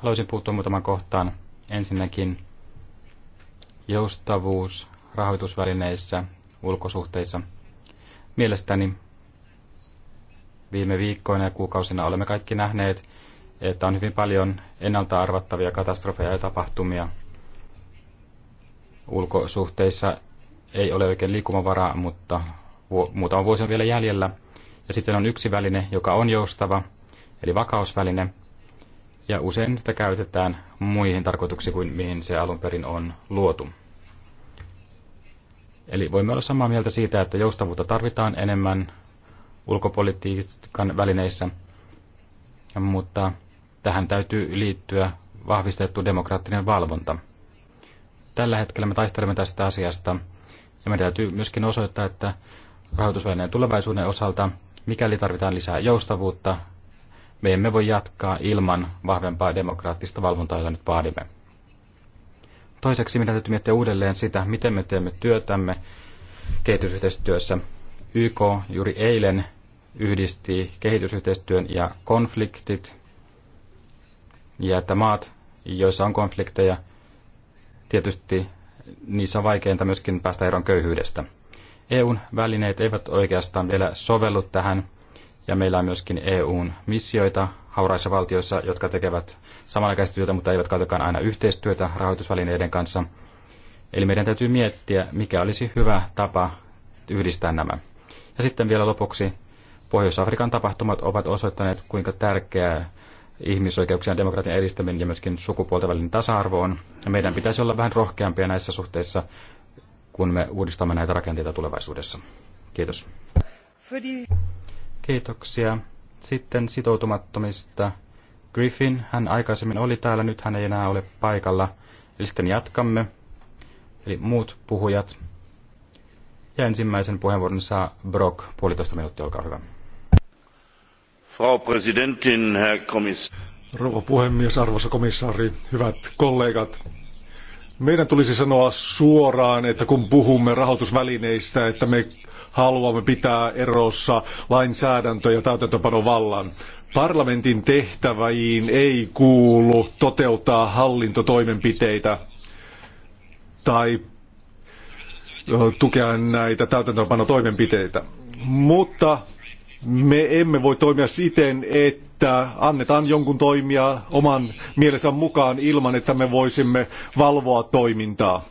S2: Haluaisin puuttua muutaman kohtaan. Ensinnäkin joustavuus rahoitusvälineissä, ulkosuhteissa. Mielestäni viime viikkoina ja kuukausina olemme kaikki nähneet, että on hyvin paljon ennalta arvattavia katastrofeja ja tapahtumia. Ulkosuhteissa ei ole oikein liikumavaraa, mutta muutama vuosi on vielä jäljellä. Ja sitten on yksi väline, joka on joustava, eli vakausväline, ja usein sitä käytetään muihin tarkoituksiin kuin mihin se alun perin on luotu. Eli voimme olla samaa mieltä siitä, että joustavuutta tarvitaan enemmän ulkopolitiikan välineissä, mutta tähän täytyy liittyä vahvistettu demokraattinen valvonta. Tällä hetkellä me taistelemme tästä asiasta ja meidän täytyy myöskin osoittaa, että rahoitusvälineen tulevaisuuden osalta, mikäli tarvitaan lisää joustavuutta, me emme voi jatkaa ilman vahvempaa demokraattista valvontaa, jota nyt vaadimme. Toiseksi meidän täytyy miettiä uudelleen sitä, miten me teemme työtämme kehitysyhteistyössä. YK juuri eilen yhdisti kehitysyhteistyön ja konfliktit, ja että maat, joissa on konflikteja, tietysti niissä on vaikeinta myöskin päästä eroon köyhyydestä. EUn välineet eivät oikeastaan vielä sovellu tähän, ja meillä on myöskin EUn missioita hauraissa valtioissa, jotka tekevät samanaikaisesti työtä, mutta eivät kuitenkaan aina yhteistyötä rahoitusvälineiden kanssa. Eli meidän täytyy miettiä, mikä olisi hyvä tapa yhdistää nämä. Ja sitten vielä lopuksi, Pohjois-Afrikan tapahtumat ovat osoittaneet, kuinka tärkeää ihmisoikeuksien ja demokratian edistäminen ja myöskin sukupuolten välinen tasa-arvo on. Ja meidän pitäisi olla vähän rohkeampia näissä suhteissa, kun me uudistamme näitä rakenteita tulevaisuudessa. Kiitos. Kiitoksia. Sitten sitoutumattomista. Griffin, hän aikaisemmin oli täällä, nyt hän ei enää ole paikalla. Eli sitten jatkamme. Eli muut puhujat. Ja ensimmäisen puheenvuoron saa Brock, puolitoista minuuttia, olkaa hyvä. Frau Präsidentin, Herr Kommissar. Rouva puhemies, arvoisa komissaari,
S3: hyvät kollegat. Meidän tulisi sanoa suoraan, että kun puhumme rahoitusvälineistä, että me haluamme pitää erossa lainsäädäntö- ja täytäntöpanovallan. Parlamentin tehtäviin ei kuulu toteuttaa hallintotoimenpiteitä tai tukea näitä täytäntöönpanotoimenpiteitä. Mutta me emme voi toimia siten, että annetaan jonkun toimia oman mielensä mukaan ilman, että me voisimme valvoa toimintaa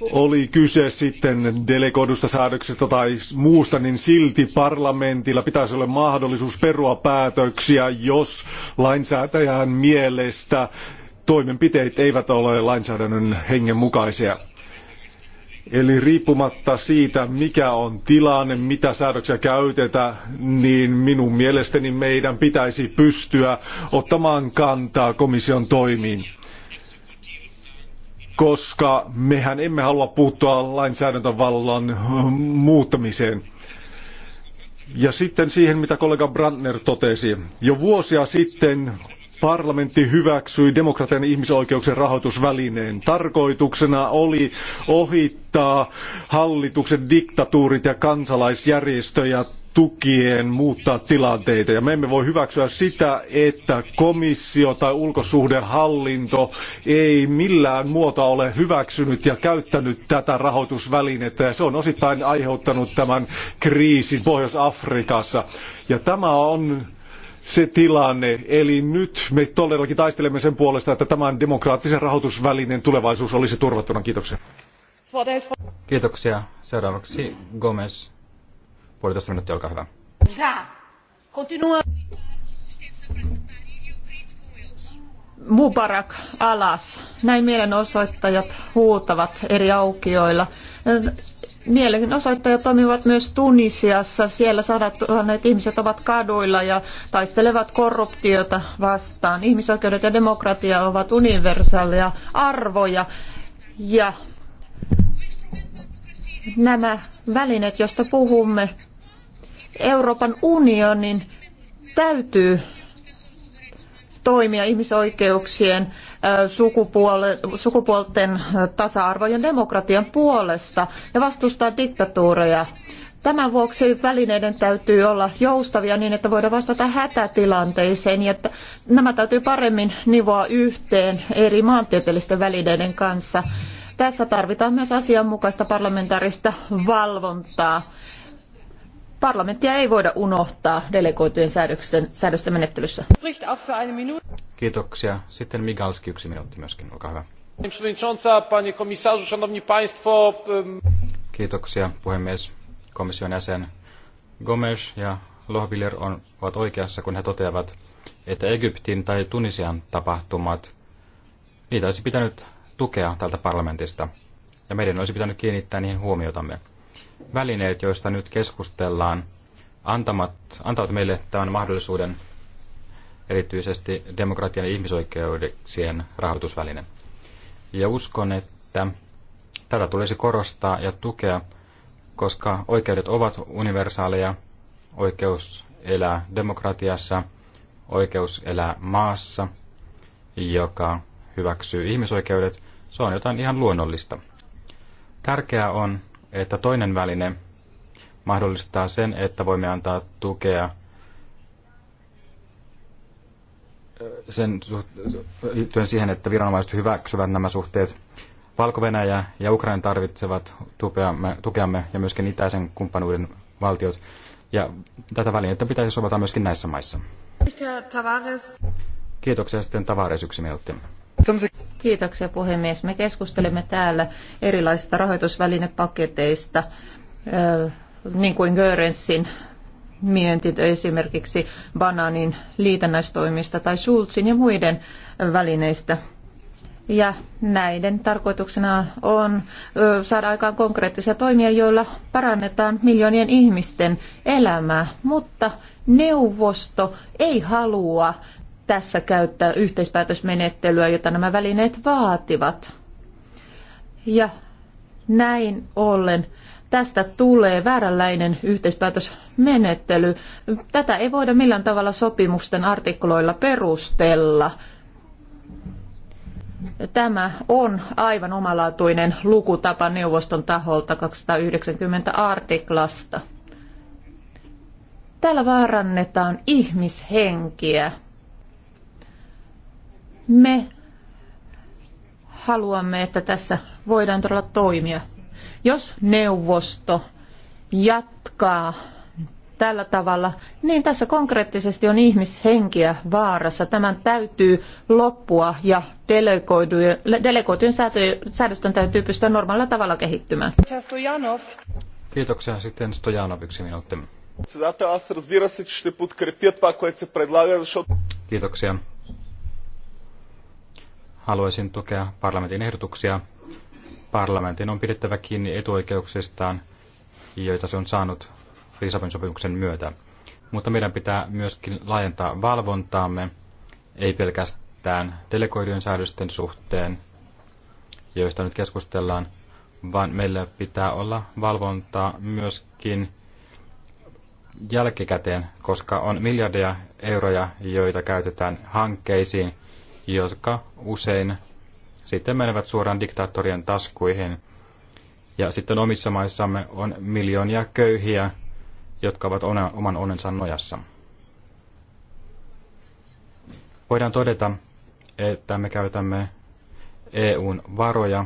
S3: oli kyse sitten delegoidusta säädöksestä tai muusta, niin silti parlamentilla pitäisi olla mahdollisuus perua päätöksiä, jos lainsäätäjän mielestä toimenpiteet eivät ole lainsäädännön hengen mukaisia. Eli riippumatta siitä, mikä on tilanne, mitä säädöksiä käytetään, niin minun mielestäni meidän pitäisi pystyä ottamaan kantaa komission toimiin koska mehän emme halua puuttua lainsäädäntövallan muuttamiseen. Ja sitten siihen, mitä kollega Brandner totesi. Jo vuosia sitten parlamentti hyväksyi demokratian ja ihmisoikeuksien rahoitusvälineen. Tarkoituksena oli ohittaa hallituksen diktatuurit ja kansalaisjärjestöjä tukien muuttaa tilanteita. Ja me emme voi hyväksyä sitä, että komissio tai ulkosuhdehallinto ei millään muuta ole hyväksynyt ja käyttänyt tätä rahoitusvälinettä. Ja se on osittain aiheuttanut tämän kriisin Pohjois-Afrikassa. Ja tämä on se tilanne. Eli nyt me todellakin taistelemme sen puolesta, että tämän demokraattisen rahoitusvälineen tulevaisuus olisi turvattuna.
S2: Kiitoksia. Kiitoksia. Seuraavaksi Gomez
S1: Puolitoista minuuttia, olkaa hyvä. Continua. Mubarak alas. Näin mielenosoittajat huutavat eri aukioilla. Mielenosoittajat toimivat myös Tunisiassa. Siellä sadat tuhannet ihmiset ovat kaduilla ja taistelevat korruptiota vastaan. Ihmisoikeudet ja demokratia ovat universaaleja arvoja. Ja nämä välineet, joista puhumme, Euroopan unionin täytyy toimia ihmisoikeuksien, sukupuolten tasa-arvojen demokratian puolesta ja vastustaa diktatuureja. Tämän vuoksi välineiden täytyy olla joustavia niin, että voidaan vastata hätätilanteeseen ja että nämä täytyy paremmin nivoa yhteen eri maantieteellisten välineiden kanssa. Tässä tarvitaan myös asianmukaista parlamentaarista valvontaa. Parlamenttia ei voida unohtaa delegoitujen säädösten, säädösten menettelyssä.
S2: Kiitoksia. Sitten Migalski yksi minuutti myöskin, olkaa hyvä. Kiitoksia puhemies, komission jäsen. Gomes ja Lohbiller on, ovat oikeassa, kun he toteavat, että Egyptin tai Tunisian tapahtumat, niitä olisi pitänyt tukea tältä parlamentista. Ja meidän olisi pitänyt kiinnittää niihin huomiotamme välineet, joista nyt keskustellaan, antamat, antavat meille tämän mahdollisuuden erityisesti demokratian ja ihmisoikeuksien rahoitusväline. Ja uskon, että tätä tulisi korostaa ja tukea, koska oikeudet ovat universaaleja, oikeus elää demokratiassa, oikeus elää maassa, joka hyväksyy ihmisoikeudet, se on jotain ihan luonnollista. Tärkeää on, että toinen väline mahdollistaa sen, että voimme antaa tukea sen liittyen siihen, että viranomaiset hyväksyvät nämä suhteet. valko ja Ukraina tarvitsevat tukeamme, tukeamme ja myöskin itäisen kumppanuuden valtiot. Ja tätä välinettä pitäisi soveltaa myöskin näissä maissa. Kiitoksia sitten Tavares yksi minuutti.
S1: Kiitoksia puhemies. Me keskustelemme täällä erilaisista rahoitusvälinepaketeista, niin kuin Görensin mietintö esimerkiksi Bananin liitännäistoimista tai Schulzin ja muiden välineistä. Ja näiden tarkoituksena on saada aikaan konkreettisia toimia, joilla parannetaan miljoonien ihmisten elämää, mutta neuvosto ei halua tässä käyttää yhteispäätösmenettelyä, jota nämä välineet vaativat. Ja näin ollen tästä tulee vääränlainen yhteispäätösmenettely. Tätä ei voida millään tavalla sopimusten artikloilla perustella. Tämä on aivan omalaatuinen lukutapa neuvoston taholta 290 artiklasta. Tällä vaarannetaan ihmishenkiä me haluamme, että tässä voidaan todella toimia. Jos neuvosto jatkaa tällä tavalla, niin tässä konkreettisesti on ihmishenkiä vaarassa. Tämän täytyy loppua ja delegoitujen, delegoitujen säädösten täytyy pystyä normaalilla tavalla kehittymään.
S2: Kiitoksia. Sitten Stojanov yksi minuutti. Kiitoksia haluaisin tukea parlamentin ehdotuksia. Parlamentin on pidettävä kiinni etuoikeuksistaan, joita se on saanut Lisabonin sopimuksen myötä. Mutta meidän pitää myöskin laajentaa valvontaamme, ei pelkästään delegoidujen säädösten suhteen, joista nyt keskustellaan, vaan meillä pitää olla valvontaa myöskin jälkikäteen, koska on miljardeja euroja, joita käytetään hankkeisiin, jotka usein sitten menevät suoraan diktaattorien taskuihin. Ja sitten omissa maissamme on miljoonia köyhiä, jotka ovat oman onnensa nojassa. Voidaan todeta, että me käytämme EUn varoja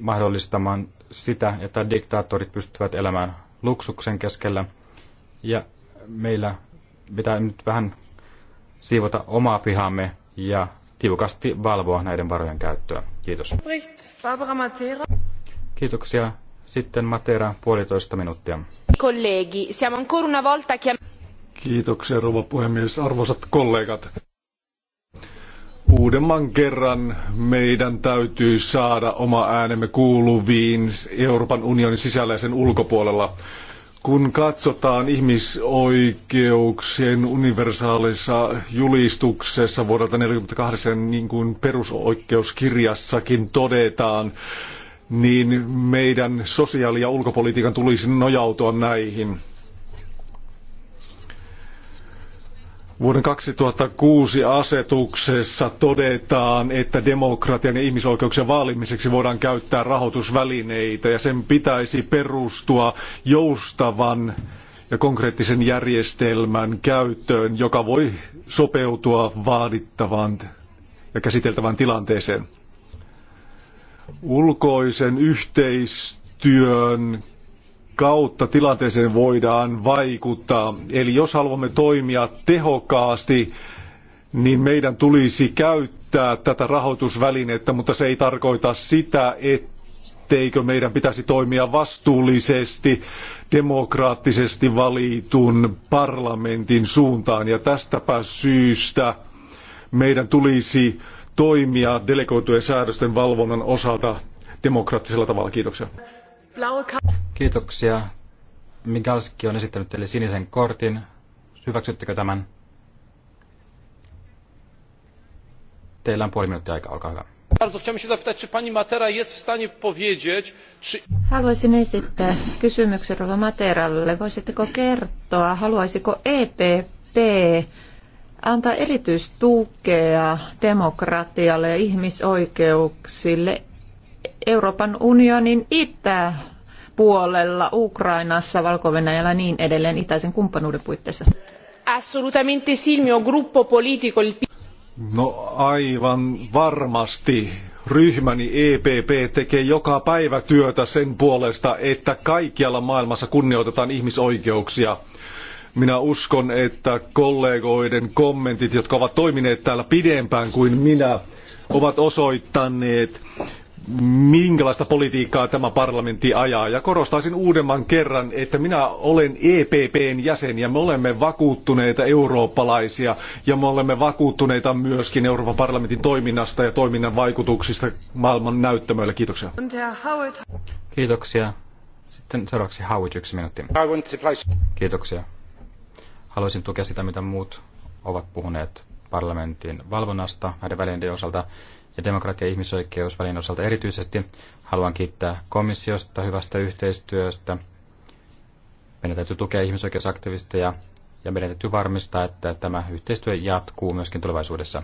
S2: mahdollistamaan sitä, että diktaattorit pystyvät elämään luksuksen keskellä. Ja meillä pitää nyt vähän siivota omaa pihamme ja tiukasti valvoa näiden varojen käyttöä. Kiitos. Kiitoksia. Sitten Matera, puolitoista minuuttia.
S1: Kollegi, siamo ancora una volta
S2: Kiitoksia, rouva puhemies. Arvoisat
S3: kollegat. Uudemman kerran meidän täytyy saada oma äänemme kuuluviin Euroopan unionin sisällä ja sen ulkopuolella kun katsotaan ihmisoikeuksien universaalissa julistuksessa vuodelta 1948, niin kuin perusoikeuskirjassakin todetaan, niin meidän sosiaali- ja ulkopolitiikan tulisi nojautua näihin. Vuoden 2006 asetuksessa todetaan, että demokratian ja ihmisoikeuksien vaalimiseksi voidaan käyttää rahoitusvälineitä ja sen pitäisi perustua joustavan ja konkreettisen järjestelmän käyttöön, joka voi sopeutua vaadittavaan ja käsiteltävään tilanteeseen. Ulkoisen yhteistyön kautta tilanteeseen voidaan vaikuttaa. Eli jos haluamme toimia tehokkaasti, niin meidän tulisi käyttää tätä rahoitusvälinettä, mutta se ei tarkoita sitä, etteikö meidän pitäisi toimia vastuullisesti demokraattisesti valitun parlamentin suuntaan. Ja tästäpä syystä meidän tulisi toimia delegoitujen säädösten valvonnan
S2: osalta demokraattisella tavalla. Kiitoksia. Kiitoksia. Migalski on esittänyt teille sinisen kortin. Hyväksyttekö tämän? Teillä on puoli minuuttia aikaa, olkaa hyvä.
S1: Haluaisin esittää kysymyksen Rova Materalle. Voisitteko kertoa, haluaisiko EPP antaa erityistukea demokratialle ja ihmisoikeuksille Euroopan unionin itäpuolella, Ukrainassa, Valko-Venäjällä ja niin edelleen itäisen kumppanuuden puitteissa? Assolutamente sì, il mio gruppo politico,
S3: No aivan varmasti ryhmäni EPP tekee joka päivä työtä sen puolesta, että kaikkialla maailmassa kunnioitetaan ihmisoikeuksia. Minä uskon, että kollegoiden kommentit, jotka ovat toimineet täällä pidempään kuin minä, ovat osoittaneet, minkälaista politiikkaa tämä parlamentti ajaa. Ja korostaisin uudemman kerran, että minä olen EPPn jäsen ja me olemme vakuuttuneita eurooppalaisia ja me olemme vakuuttuneita myöskin Euroopan parlamentin toiminnasta ja toiminnan vaikutuksista maailman
S2: näyttämöillä. Kiitoksia. Kiitoksia. Sitten seuraavaksi Howard yksi minuutti. Kiitoksia. Haluaisin tukea sitä, mitä muut ovat puhuneet parlamentin valvonnasta näiden välineiden osalta ja demokratia- ja ihmisoikeusvälin osalta erityisesti. Haluan kiittää komissiosta hyvästä yhteistyöstä. Meidän täytyy tukea ihmisoikeusaktivisteja ja meidän täytyy varmistaa, että tämä yhteistyö jatkuu myöskin tulevaisuudessa.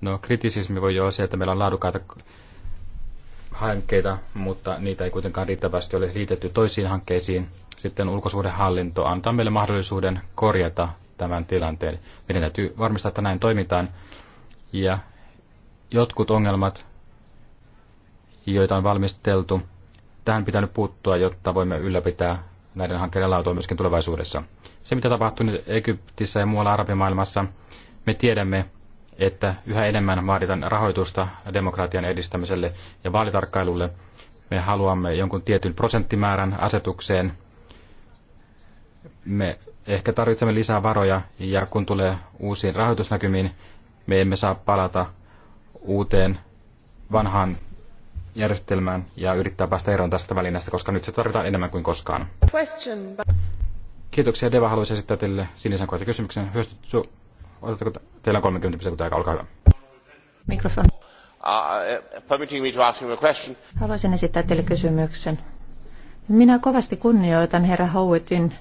S2: No, kritisismi voi olla se, että meillä on laadukkaita hankkeita, mutta niitä ei kuitenkaan riittävästi ole liitetty toisiin hankkeisiin. Sitten ulkosuhdehallinto antaa meille mahdollisuuden korjata tämän tilanteen. Meidän täytyy varmistaa, että näin toimitaan. Ja jotkut ongelmat, joita on valmisteltu, tähän pitää nyt puuttua, jotta voimme ylläpitää näiden hankkeiden laatua myöskin tulevaisuudessa. Se, mitä tapahtuu nyt Egyptissä ja muualla arabimaailmassa, me tiedämme, että yhä enemmän vaaditaan rahoitusta demokratian edistämiselle ja vaalitarkkailulle. Me haluamme jonkun tietyn prosenttimäärän asetukseen. Me ehkä tarvitsemme lisää varoja ja kun tulee uusiin rahoitusnäkymiin, me emme saa palata uuteen vanhaan järjestelmään ja yrittää päästä eroon tästä välineestä, koska nyt se tarvitaan enemmän kuin koskaan. Question. Kiitoksia. Deva haluaisi esittää teille sinisen kohta kysymyksen. Hyöstytty, otatteko teillä on 30 sekuntia aikaa, olkaa hyvä. Mikrofon. Uh, uh,
S1: Haluaisin esittää teille kysymyksen. Minä kovasti kunnioitan herra Howettin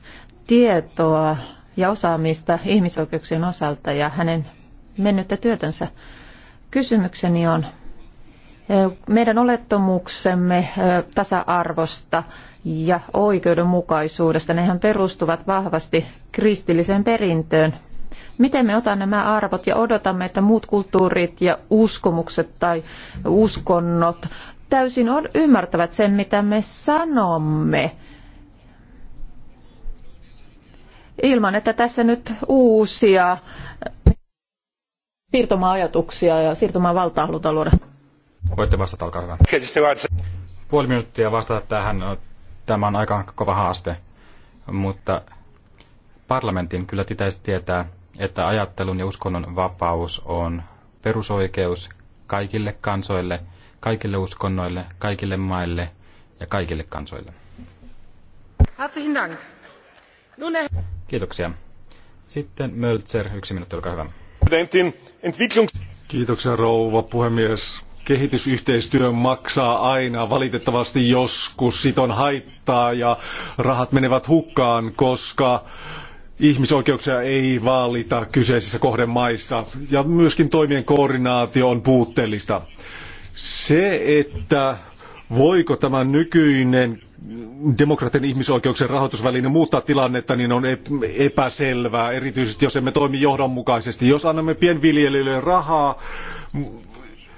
S1: tietoa ja osaamista ihmisoikeuksien osalta ja hänen mennyttä työtänsä. Kysymykseni on, meidän olettamuksemme tasa-arvosta ja oikeudenmukaisuudesta, nehän perustuvat vahvasti kristilliseen perintöön. Miten me otamme nämä arvot ja odotamme, että muut kulttuurit ja uskomukset tai uskonnot täysin ymmärtävät sen, mitä me sanomme? Ilman, että tässä nyt uusia siirtomaajatuksia ja siirtomaavaltaa halutaan luoda?
S2: Voitte vastata, olkaa hyvä. Puoli minuuttia vastata tähän. Tämä on aika kova haaste, mutta parlamentin kyllä pitäisi tietää, että ajattelun ja uskonnon vapaus on perusoikeus kaikille kansoille, kaikille uskonnoille, kaikille maille ja kaikille kansoille. Kiitoksia. Sitten Möltser, yksi minuutti, olkaa hyvä. Kiitoksia rouva puhemies. Kehitysyhteistyö
S3: maksaa aina. Valitettavasti joskus siitä on haittaa ja rahat menevät hukkaan, koska ihmisoikeuksia ei vaalita kyseisissä kohdemaissa ja myöskin toimien koordinaatio on puutteellista. Se, että voiko tämä nykyinen demokratian ihmisoikeuksien rahoitusväline muuttaa tilannetta, niin on epäselvää, erityisesti jos emme toimi johdonmukaisesti. Jos annamme pienviljelijöille rahaa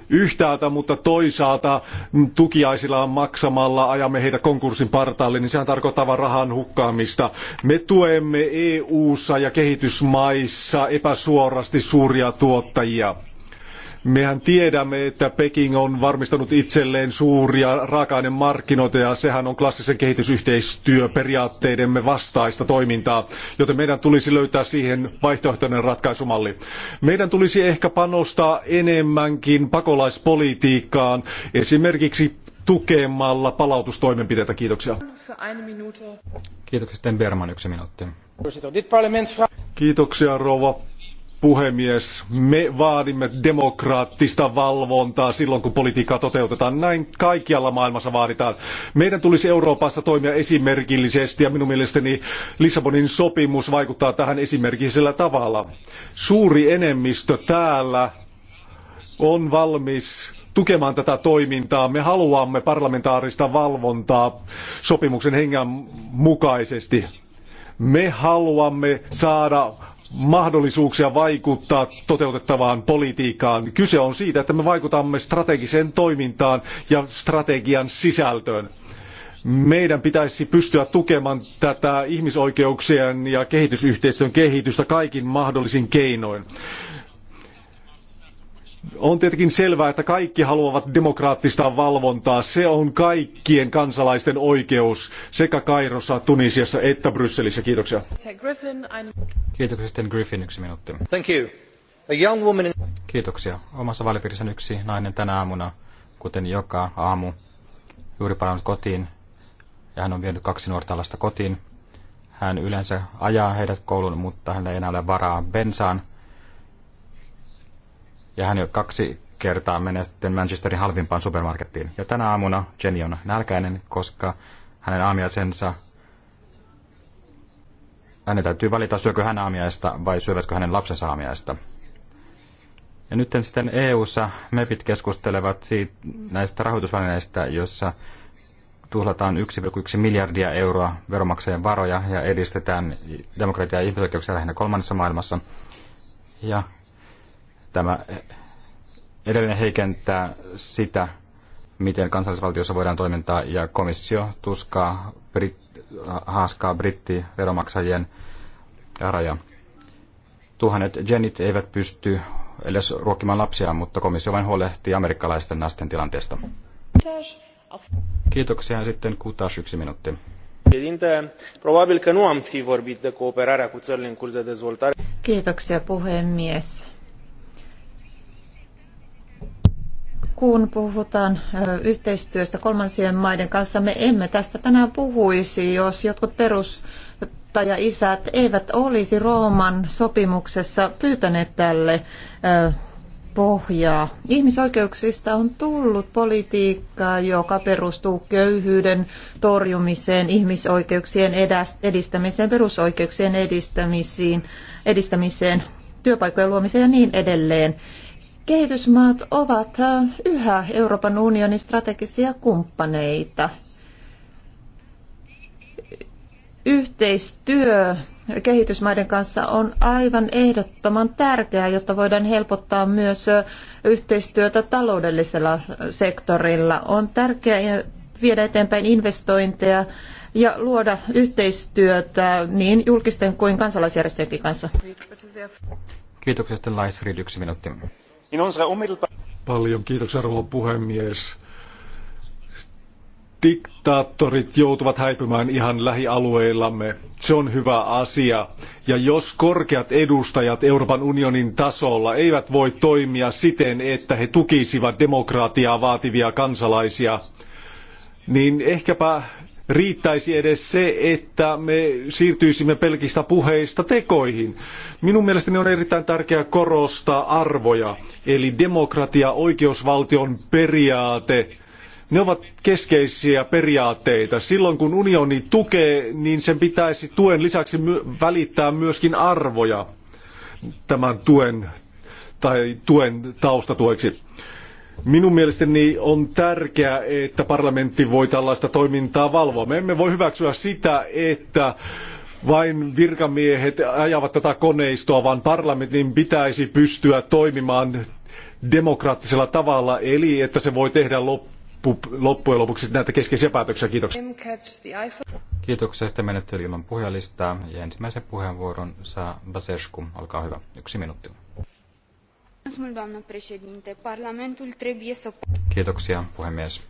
S3: yhtäältä, mutta toisaalta tukiaisillaan maksamalla ajamme heidät konkurssin partaalle, niin sehän tarkoittaa vain rahan hukkaamista. Me tuemme EU-ssa ja kehitysmaissa epäsuorasti suuria tuottajia. Mehän tiedämme, että Peking on varmistanut itselleen suuria raaka-ainemarkkinoita ja sehän on klassisen kehitysyhteistyöperiaatteidemme vastaista toimintaa, joten meidän tulisi löytää siihen vaihtoehtoinen ratkaisumalli. Meidän tulisi ehkä panostaa enemmänkin pakolaispolitiikkaan, esimerkiksi tukemalla palautustoimenpiteitä. Kiitoksia.
S2: Kiitoksia. Sten Berman, yksi minuutti.
S3: Kiitoksia rouva puhemies. Me vaadimme demokraattista valvontaa silloin, kun politiikkaa toteutetaan. Näin kaikkialla maailmassa vaaditaan. Meidän tulisi Euroopassa toimia esimerkillisesti ja minun mielestäni Lissabonin sopimus vaikuttaa tähän esimerkillisellä tavalla. Suuri enemmistö täällä on valmis tukemaan tätä toimintaa. Me haluamme parlamentaarista valvontaa sopimuksen hengen mukaisesti. Me haluamme saada mahdollisuuksia vaikuttaa toteutettavaan politiikkaan. Kyse on siitä, että me vaikutamme strategiseen toimintaan ja strategian sisältöön. Meidän pitäisi pystyä tukemaan tätä ihmisoikeuksien ja kehitysyhteistyön kehitystä kaikin mahdollisin keinoin. On tietenkin selvää, että kaikki haluavat demokraattista valvontaa. Se on kaikkien kansalaisten oikeus sekä Kairossa,
S2: Tunisiassa että Brysselissä. Kiitoksia. Kiitoksia sitten Griffin yksi minuutti. Thank you. A young woman in... Kiitoksia. Omassa vaalipiirissäni yksi nainen tänä aamuna, kuten joka aamu, juuri palannut kotiin ja hän on vienyt kaksi nuorta lasta kotiin. Hän yleensä ajaa heidät koulun, mutta hänellä ei enää ole varaa bensaan, ja hän jo kaksi kertaa menee sitten Manchesterin halvimpaan supermarkettiin. Ja tänä aamuna Jenny on nälkäinen, koska hänen aamiaisensa hänen täytyy valita, syökö hän aamiaista vai syövätkö hänen lapsensa aamiaista. Ja nyt sitten EU-ssa MEPit keskustelevat siitä, näistä rahoitusvälineistä, joissa tuhlataan 1,1 miljardia euroa veromaksajien varoja ja edistetään demokratiaa ja ihmisoikeuksia lähinnä kolmannessa maailmassa. Ja Tämä edelleen heikentää sitä, miten kansallisvaltiossa voidaan toimintaa, ja komissio tuskaa Brit- haaskaa britti veromaksajien raja. Tuhannet Jenit eivät pysty edes ruokkimaan lapsia, mutta komissio vain huolehtii amerikkalaisten lasten tilanteesta. Kiitoksia. Sitten Kutas yksi minuutti. vorbit de
S1: Kiitoksia puhemies. kun puhutaan yhteistyöstä kolmansien maiden kanssa, me emme tästä tänään puhuisi, jos jotkut perustaja-isät eivät olisi Rooman sopimuksessa pyytäneet tälle pohjaa. Ihmisoikeuksista on tullut politiikkaa, joka perustuu köyhyyden torjumiseen, ihmisoikeuksien edistämiseen, perusoikeuksien edistämiseen, työpaikkojen luomiseen ja niin edelleen. Kehitysmaat ovat äh, yhä Euroopan unionin strategisia kumppaneita. Yhteistyö kehitysmaiden kanssa on aivan ehdottoman tärkeää, jotta voidaan helpottaa myös äh, yhteistyötä taloudellisella sektorilla. On tärkeää äh, viedä eteenpäin investointeja ja luoda yhteistyötä niin julkisten kuin kansalaisjärjestöjenkin kanssa.
S2: Kiitoksia, Laisfried, yksi minuutti. Paljon kiitoksia, rouva puhemies.
S3: Diktaattorit joutuvat häipymään ihan lähialueillamme. Se on hyvä asia. Ja jos korkeat edustajat Euroopan unionin tasolla eivät voi toimia siten, että he tukisivat demokratiaa vaativia kansalaisia, niin ehkäpä riittäisi edes se, että me siirtyisimme pelkistä puheista tekoihin. Minun mielestäni on erittäin tärkeää korostaa arvoja, eli demokratia, oikeusvaltion periaate, ne ovat keskeisiä periaatteita. Silloin kun unioni tukee, niin sen pitäisi tuen lisäksi välittää myöskin arvoja tämän tuen tai tuen taustatueksi. Minun mielestäni on tärkeää, että parlamentti voi tällaista toimintaa valvoa. Me emme voi hyväksyä sitä, että vain virkamiehet ajavat tätä koneistoa, vaan parlamentin pitäisi pystyä toimimaan demokraattisella tavalla, eli että se voi tehdä
S2: loppu, loppujen lopuksi näitä keskeisiä päätöksiä. Kiitoksia. Kiitoksia. Sitten menettely ilman puhujalistaa. Ja ensimmäisen puheenvuoron saa Basescu. Olkaa hyvä. Yksi minuutti. Kiitoksia, puhemies.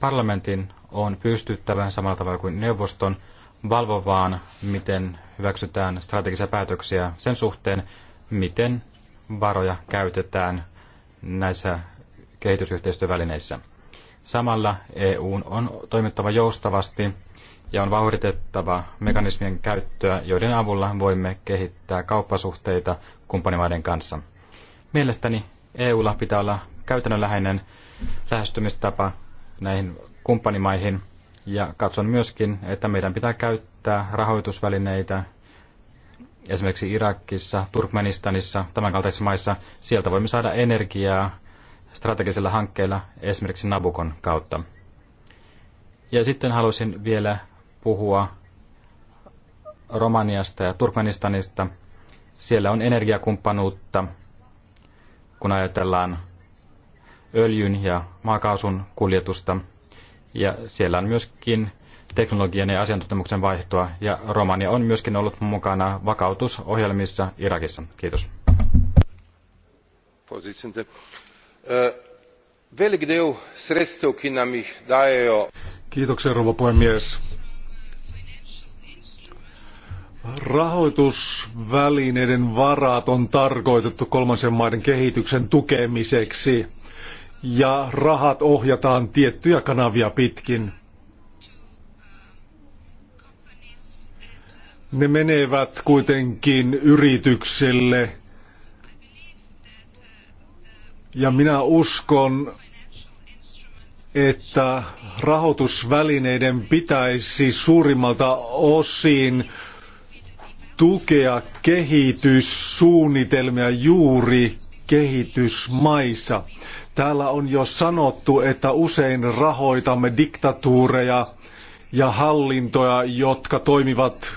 S2: Parlamentin on pystyttävä samalla tavalla kuin neuvoston valvovaan, miten hyväksytään strategisia päätöksiä sen suhteen, miten varoja käytetään näissä kehitysyhteistyövälineissä. Samalla EU on toimittava joustavasti ja on vauhditettava mekanismien käyttöä, joiden avulla voimme kehittää kauppasuhteita kumppanimaiden kanssa. Mielestäni EUlla pitää olla käytännönläheinen lähestymistapa näihin kumppanimaihin ja katson myöskin, että meidän pitää käyttää rahoitusvälineitä esimerkiksi Irakissa, Turkmenistanissa, tämänkaltaisissa maissa. Sieltä voimme saada energiaa strategisilla hankkeilla esimerkiksi Nabukon kautta. Ja sitten haluaisin vielä puhua Romaniasta ja Turkmenistanista. Siellä on energiakumppanuutta kun ajatellaan öljyn ja maakaasun kuljetusta. Ja siellä on myöskin teknologian ja asiantuntemuksen vaihtoa, ja Romania on myöskin ollut mukana vakautusohjelmissa Irakissa. Kiitos.
S1: Eh,
S3: Kiitoksia, rouva puhemies Rahoitusvälineiden varat on tarkoitettu kolmansien maiden kehityksen tukemiseksi ja rahat ohjataan tiettyjä kanavia pitkin. Ne menevät kuitenkin yrityksille ja minä uskon, että rahoitusvälineiden pitäisi suurimmalta osin tukea kehityssuunnitelmia juuri kehitysmaissa. Täällä on jo sanottu, että usein rahoitamme diktatuureja ja hallintoja, jotka toimivat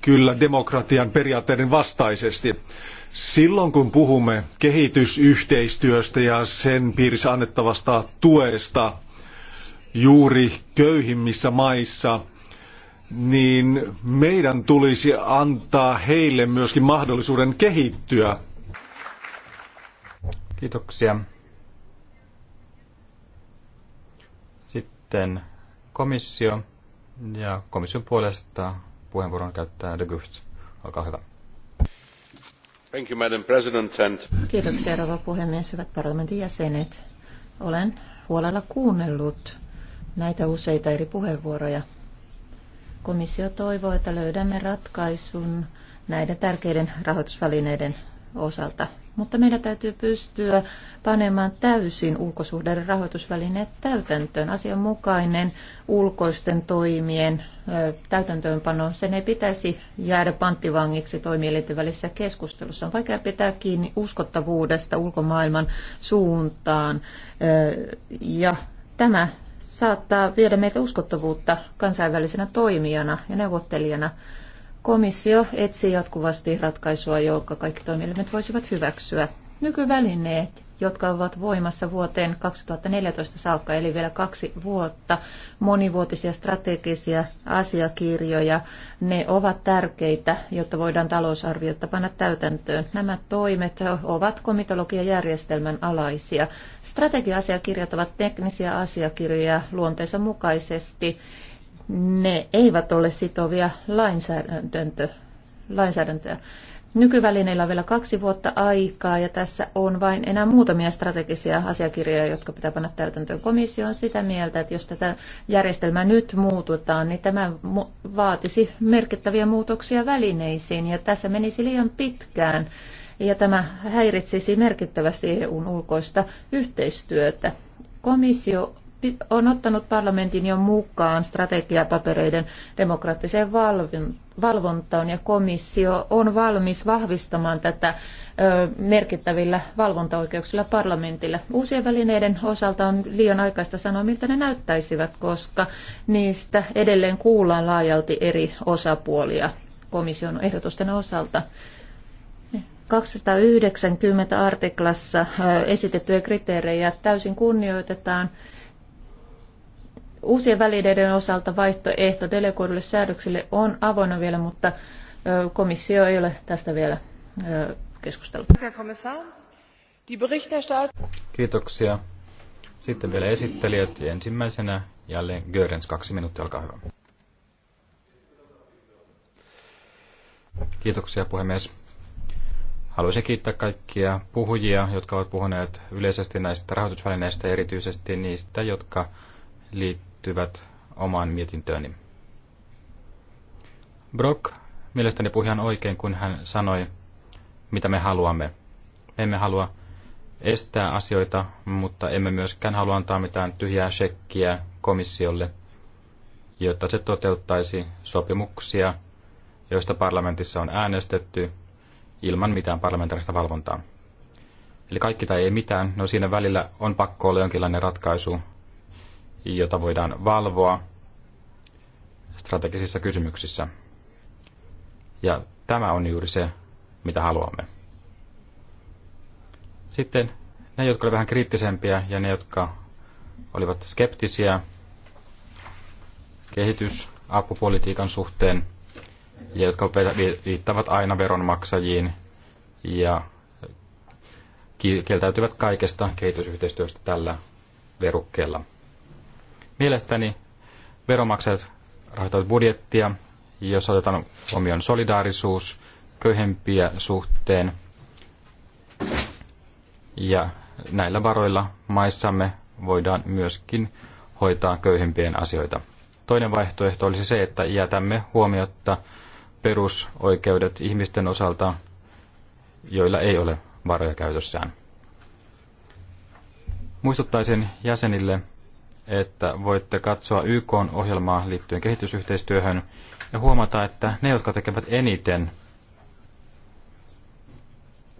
S3: kyllä demokratian periaatteiden vastaisesti. Silloin kun puhumme kehitysyhteistyöstä ja sen piirissä annettavasta tuesta juuri köyhimmissä maissa – niin meidän tulisi antaa heille myöskin mahdollisuuden kehittyä.
S2: Kiitoksia. Sitten komissio ja komission puolesta puheenvuoron käyttää De Gucht. Olkaa hyvä. Thank you, Madam President. And...
S1: Kiitoksia, rouva puhemies, hyvät parlamentin jäsenet. Olen huolella kuunnellut näitä useita eri puheenvuoroja Komissio toivoo, että löydämme ratkaisun näiden tärkeiden rahoitusvälineiden osalta. Mutta meidän täytyy pystyä panemaan täysin ulkosuhdeiden rahoitusvälineet täytäntöön. Asianmukainen ulkoisten toimien täytäntöönpano, sen ei pitäisi jäädä panttivangiksi toimielinten välisessä keskustelussa. On vaikea pitää kiinni uskottavuudesta ulkomaailman suuntaan ja tämä saattaa viedä meitä uskottavuutta kansainvälisenä toimijana ja neuvottelijana. Komissio etsii jatkuvasti ratkaisua, jonka kaikki toimielimet voisivat hyväksyä. Nykyvälineet jotka ovat voimassa vuoteen 2014 saakka, eli vielä kaksi vuotta, monivuotisia strategisia asiakirjoja. Ne ovat tärkeitä, jotta voidaan talousarviota panna täytäntöön. Nämä toimet ovat komitologiajärjestelmän alaisia. Strategia-asiakirjat ovat teknisiä asiakirjoja luonteensa mukaisesti. Ne eivät ole sitovia lainsäädäntö, lainsäädäntöä. Nykyvälineillä on vielä kaksi vuotta aikaa ja tässä on vain enää muutamia strategisia asiakirjoja, jotka pitää panna täytäntöön. Komissio on sitä mieltä, että jos tätä järjestelmää nyt muututaan, niin tämä vaatisi merkittäviä muutoksia välineisiin ja tässä menisi liian pitkään ja tämä häiritsisi merkittävästi EUn ulkoista yhteistyötä. Komissio on ottanut parlamentin jo mukaan strategiapapereiden demokraattiseen valvontaan ja komissio on valmis vahvistamaan tätä merkittävillä valvontaoikeuksilla parlamentille. Uusien välineiden osalta on liian aikaista sanoa, miltä ne näyttäisivät, koska niistä edelleen kuullaan laajalti eri osapuolia komission ehdotusten osalta. 290 artiklassa esitettyjä kriteerejä täysin kunnioitetaan Uusien välineiden osalta vaihtoehto delegoidulle säädöksille on avoinna vielä, mutta komissio ei ole tästä vielä keskustellut.
S2: Kiitoksia. Sitten vielä esittelijät. Ensimmäisenä jälleen Görens, kaksi minuuttia, olkaa hyvä. Kiitoksia puhemies. Haluaisin kiittää kaikkia puhujia, jotka ovat puhuneet yleisesti näistä rahoitusvälineistä, erityisesti niistä, jotka liittyvät liittyvät omaan mietintööni. Brock mielestäni puhui ihan oikein, kun hän sanoi, mitä me haluamme. Me emme halua estää asioita, mutta emme myöskään halua antaa mitään tyhjää shekkiä komissiolle, jotta se toteuttaisi sopimuksia, joista parlamentissa on äänestetty ilman mitään parlamentaarista valvontaa. Eli kaikki tai ei mitään, no siinä välillä on pakko olla jonkinlainen ratkaisu jota voidaan valvoa strategisissa kysymyksissä. Ja tämä on juuri se, mitä haluamme. Sitten ne, jotka olivat vähän kriittisempiä ja ne, jotka olivat skeptisiä kehitysapupolitiikan suhteen ja jotka viittavat aina veronmaksajiin ja kieltäytyvät kaikesta kehitysyhteistyöstä tällä verukkeella – Mielestäni veromaksajat rahoittavat budjettia, jos otetaan huomioon solidaarisuus, köyhempiä suhteen. Ja näillä varoilla maissamme voidaan myöskin hoitaa köyhempien asioita. Toinen vaihtoehto olisi se, että jätämme huomiotta perusoikeudet ihmisten osalta, joilla ei ole varoja käytössään. Muistuttaisin jäsenille, että voitte katsoa YK ohjelmaa liittyen kehitysyhteistyöhön ja huomata, että ne, jotka tekevät eniten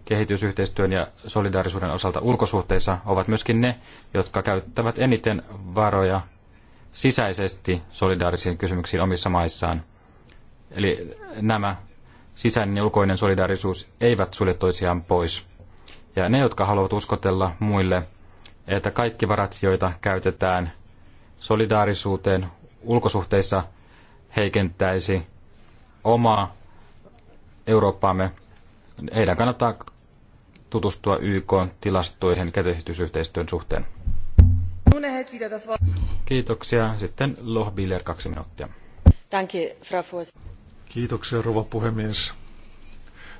S2: kehitysyhteistyön ja solidaarisuuden osalta ulkosuhteissa, ovat myöskin ne, jotka käyttävät eniten varoja sisäisesti solidaarisiin kysymyksiin omissa maissaan. Eli nämä sisäinen ja ulkoinen solidaarisuus eivät sulje toisiaan pois. Ja ne, jotka haluavat uskotella muille, että kaikki varat, joita käytetään solidaarisuuteen ulkosuhteissa, heikentäisi omaa Eurooppaamme. Heidän kannattaa tutustua YK-tilastoihin kehitysyhteistyön suhteen. Kiitoksia. Sitten Lohbiller kaksi minuuttia. Kiitoksia, rouva puhemies.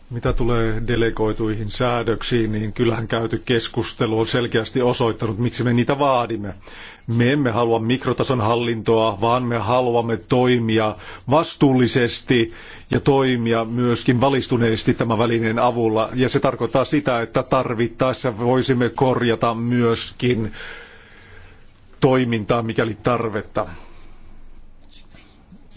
S2: Mitä tulee delegoituihin
S3: säädöksiin, niin kyllähän käyty keskustelu on selkeästi osoittanut, miksi me niitä vaadimme. Me emme halua mikrotason hallintoa, vaan me haluamme toimia vastuullisesti ja toimia myöskin valistuneesti tämän välineen avulla. Ja se tarkoittaa sitä, että tarvittaessa voisimme korjata myöskin toimintaa, mikäli tarvetta.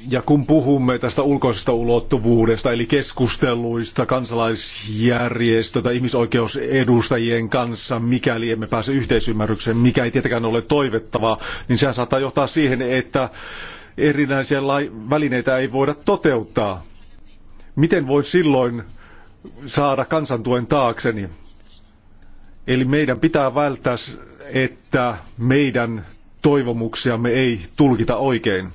S3: Ja kun puhumme tästä ulkoisesta ulottuvuudesta, eli keskusteluista kansalaisjärjestö tai ihmisoikeusedustajien kanssa, mikäli emme pääse yhteisymmärrykseen, mikä ei tietenkään ole toivettavaa, niin sehän saattaa johtaa siihen, että erinäisiä välineitä ei voida toteuttaa. Miten voi silloin saada kansantuen taakseni? Eli meidän pitää välttää, että meidän toivomuksiamme ei tulkita oikein.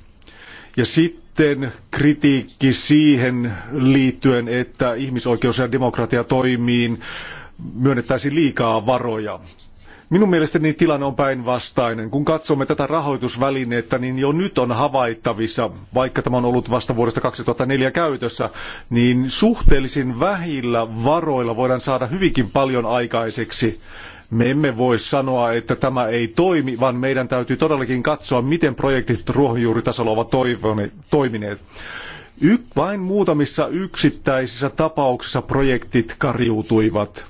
S3: Ja sitten kritiikki siihen liittyen, että ihmisoikeus- ja demokratiatoimiin myönnettäisiin liikaa varoja. Minun mielestäni tilanne on päinvastainen. Kun katsomme tätä rahoitusvälinettä, niin jo nyt on havaittavissa, vaikka tämä on ollut vasta vuodesta 2004 käytössä, niin suhteellisin vähillä varoilla voidaan saada hyvinkin paljon aikaiseksi. Me emme voi sanoa, että tämä ei toimi, vaan meidän täytyy todellakin katsoa, miten projektit ruohonjuuritasolla ovat toimineet. Y- vain muutamissa yksittäisissä tapauksissa projektit karjuutuivat.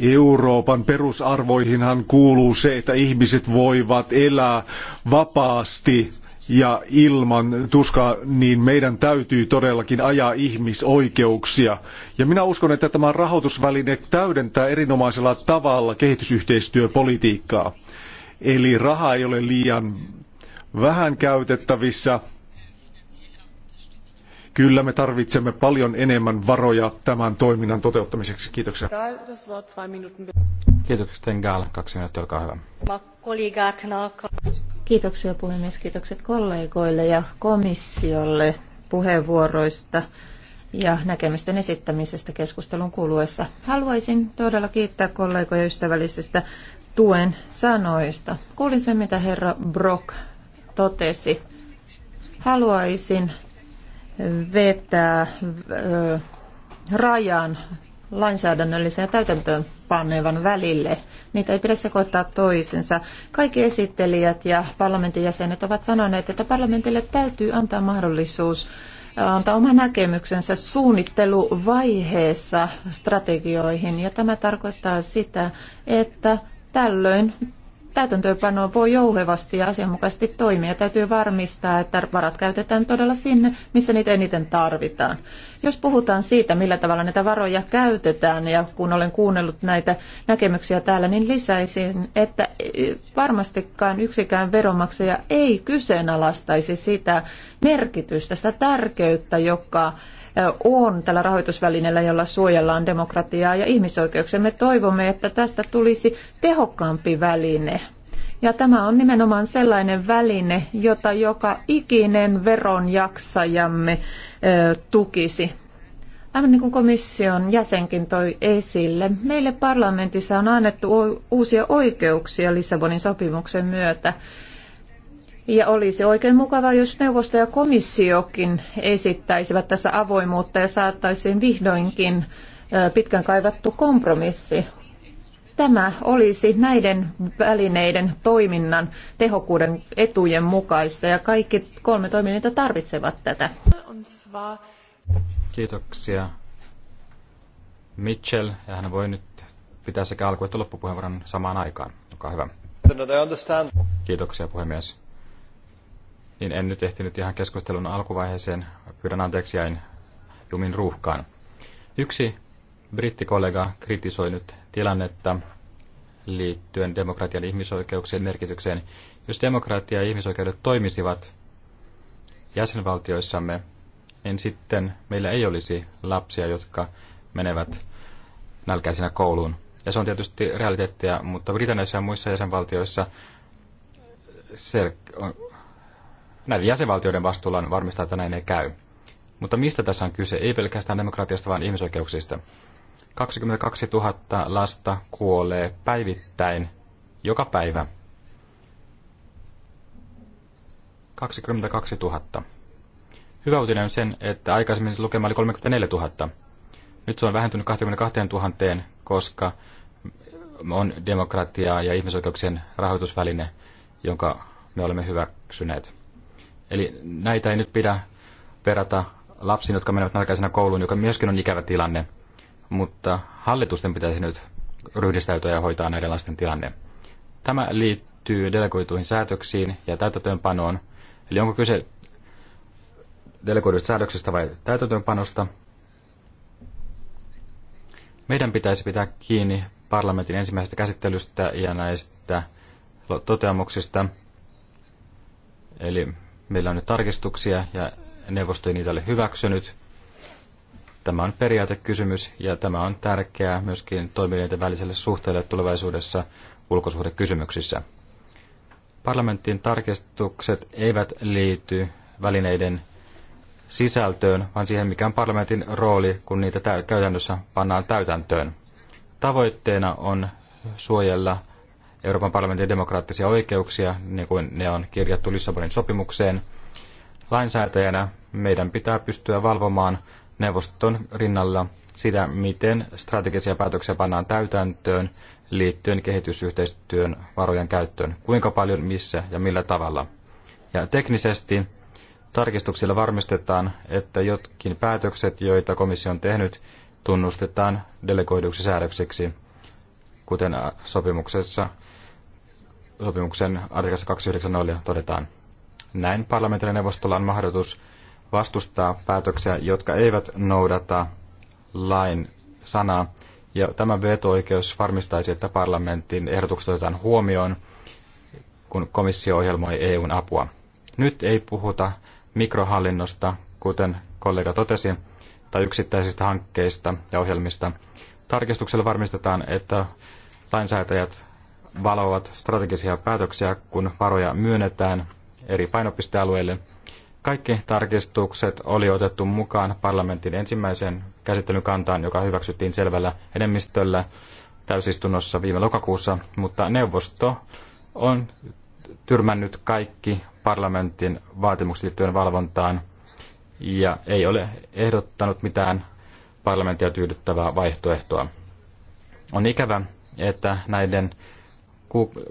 S3: Euroopan perusarvoihinhan kuuluu se, että ihmiset voivat elää vapaasti ja ilman tuskaa, niin meidän täytyy todellakin ajaa ihmisoikeuksia. Ja minä uskon, että tämä rahoitusväline täydentää erinomaisella tavalla kehitysyhteistyöpolitiikkaa. Eli raha ei ole liian vähän käytettävissä. Kyllä me tarvitsemme paljon enemmän varoja tämän toiminnan toteuttamiseksi. Kiitoksia. Kiitoksia,
S2: Sten Kaksi minuuttia, olkaa hyvä.
S1: Kiitoksia puhemies, kiitokset kollegoille ja komissiolle puheenvuoroista ja näkemysten esittämisestä keskustelun kuluessa. Haluaisin todella kiittää kollegoja ystävällisestä tuen sanoista. Kuulin sen, mitä herra Brock totesi. Haluaisin vetää ö, rajan lainsäädännöllisen ja täytäntöönpanevan välille. Niitä ei pidä sekoittaa toisensa. Kaikki esittelijät ja parlamentin jäsenet ovat sanoneet, että parlamentille täytyy antaa mahdollisuus antaa oma näkemyksensä suunnitteluvaiheessa strategioihin. Ja tämä tarkoittaa sitä, että tällöin täytäntöönpanoa voi jouhevasti ja asianmukaisesti toimia. Täytyy varmistaa, että varat käytetään todella sinne, missä niitä eniten tarvitaan. Jos puhutaan siitä, millä tavalla näitä varoja käytetään, ja kun olen kuunnellut näitä näkemyksiä täällä, niin lisäisin, että varmastikaan yksikään veronmaksaja ei kyseenalaistaisi sitä, merkitystä, sitä tärkeyttä, joka on tällä rahoitusvälineellä, jolla suojellaan demokratiaa ja ihmisoikeuksia. Me toivomme, että tästä tulisi tehokkaampi väline. Ja tämä on nimenomaan sellainen väline, jota joka ikinen veronjaksajamme tukisi. Aivan niin kuin komission jäsenkin toi esille, meille parlamentissa on annettu uusia oikeuksia Lissabonin sopimuksen myötä. Ja olisi oikein mukava, jos neuvosto ja komissiokin esittäisivät tässä avoimuutta ja saattaisiin vihdoinkin pitkän kaivattu kompromissi. Tämä olisi näiden välineiden toiminnan tehokkuuden etujen mukaista ja kaikki kolme toimintaa tarvitsevat tätä.
S2: Kiitoksia. Mitchell, ja hän voi nyt pitää sekä alku- että loppupuheenvuoron samaan aikaan. Olkaa hyvä. No, Kiitoksia puhemies niin en nyt ehtinyt ihan keskustelun alkuvaiheeseen. Pyydän anteeksi, jäin jumin ruuhkaan. Yksi brittikollega kritisoi nyt tilannetta liittyen demokratian ihmisoikeuksien merkitykseen. Jos demokratia ja ihmisoikeudet toimisivat jäsenvaltioissamme, niin sitten meillä ei olisi lapsia, jotka menevät nälkäisinä kouluun. Ja se on tietysti realiteettia, mutta Britanniassa ja muissa jäsenvaltioissa se on näiden jäsenvaltioiden vastuulla on varmistaa, että näin ei käy. Mutta mistä tässä on kyse? Ei pelkästään demokratiasta, vaan ihmisoikeuksista. 22 000 lasta kuolee päivittäin, joka päivä. 22 000. Hyvä uutinen on sen, että aikaisemmin se lukema oli 34 000. Nyt se on vähentynyt 22 000, koska on demokratiaa ja ihmisoikeuksien rahoitusväline, jonka me olemme hyväksyneet. Eli näitä ei nyt pidä verrata lapsiin, jotka menevät nälkäisenä kouluun, joka myöskin on ikävä tilanne, mutta hallitusten pitäisi nyt ryhdistäytyä ja hoitaa näiden lasten tilanne. Tämä liittyy delegoituihin säätöksiin ja täytäntöönpanoon. Eli onko kyse delegoiduista säädöksistä vai täytäntöönpanosta? Meidän pitäisi pitää kiinni parlamentin ensimmäisestä käsittelystä ja näistä toteamuksista. Eli Meillä on nyt tarkistuksia ja neuvosto ei niitä ole hyväksynyt. Tämä on periaatekysymys ja tämä on tärkeää myöskin toimijoiden väliselle suhteelle tulevaisuudessa ulkosuhdekysymyksissä. Parlamentin tarkistukset eivät liity välineiden sisältöön, vaan siihen, mikä on parlamentin rooli, kun niitä käytännössä pannaan täytäntöön. Tavoitteena on suojella Euroopan parlamentin demokraattisia oikeuksia, niin kuin ne on kirjattu Lissabonin sopimukseen. Lainsäätäjänä meidän pitää pystyä valvomaan neuvoston rinnalla sitä, miten strategisia päätöksiä pannaan täytäntöön liittyen kehitysyhteistyön varojen käyttöön, kuinka paljon, missä ja millä tavalla. Ja teknisesti tarkistuksilla varmistetaan, että jotkin päätökset, joita komissio on tehnyt, tunnustetaan delegoiduksi säädökseksi, kuten sopimuksessa sopimuksen artikassa 290 todetaan. Näin parlamentille neuvostolla on mahdollisuus vastustaa päätöksiä, jotka eivät noudata lain sanaa, ja tämä veto-oikeus varmistaisi, että parlamentin ehdotukset otetaan huomioon, kun komissio ohjelmoi EUn apua. Nyt ei puhuta mikrohallinnosta, kuten kollega totesi, tai yksittäisistä hankkeista ja ohjelmista. Tarkistuksella varmistetaan, että lainsäätäjät valovat strategisia päätöksiä, kun varoja myönnetään eri painopistealueille. Kaikki tarkistukset oli otettu mukaan parlamentin ensimmäisen käsittelyn kantaan, joka hyväksyttiin selvällä enemmistöllä täysistunnossa viime lokakuussa, mutta neuvosto on tyrmännyt kaikki parlamentin vaatimukset liittyen valvontaan ja ei ole ehdottanut mitään parlamenttia tyydyttävää vaihtoehtoa. On ikävä, että näiden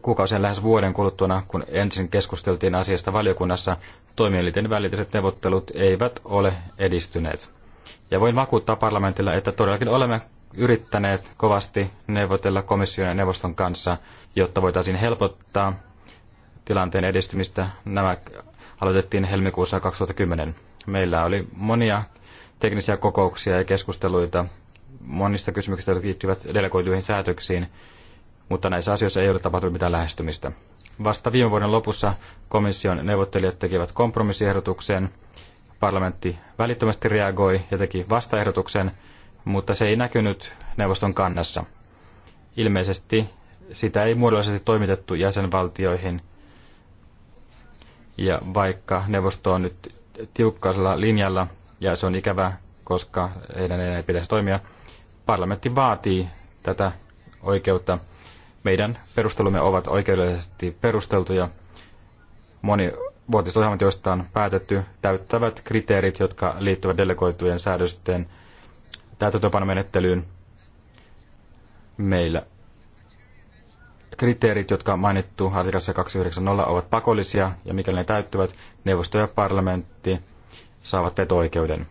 S2: kuukausien lähes vuoden kuluttuna, kun ensin keskusteltiin asiasta valiokunnassa, toimielinten väliset neuvottelut eivät ole edistyneet. Ja voin vakuuttaa parlamentilla, että todellakin olemme yrittäneet kovasti neuvotella komission ja neuvoston kanssa, jotta voitaisiin helpottaa tilanteen edistymistä. Nämä aloitettiin helmikuussa 2010. Meillä oli monia teknisiä kokouksia ja keskusteluita monista kysymyksistä, jotka liittyvät delegoituihin säätöksiin, mutta näissä asioissa ei ole tapahtunut mitään lähestymistä. Vasta viime vuoden lopussa komission neuvottelijat tekivät kompromissiehdotuksen, parlamentti välittömästi reagoi ja teki vastaehdotuksen, mutta se ei näkynyt neuvoston kannassa. Ilmeisesti sitä ei muodollisesti toimitettu jäsenvaltioihin, ja vaikka neuvosto on nyt tiukkaisella linjalla, ja se on ikävä, koska heidän ei pitäisi toimia, parlamentti vaatii tätä oikeutta meidän perustelumme ovat oikeudellisesti perusteltuja. Moni vuotisohjelmat, joista on päätetty, täyttävät kriteerit, jotka liittyvät delegoitujen säädösten täytäntöpanomenettelyyn. Meillä kriteerit, jotka on mainittu artikassa 290, ovat pakollisia, ja mikäli ne täyttyvät, neuvosto ja parlamentti saavat veto-oikeuden.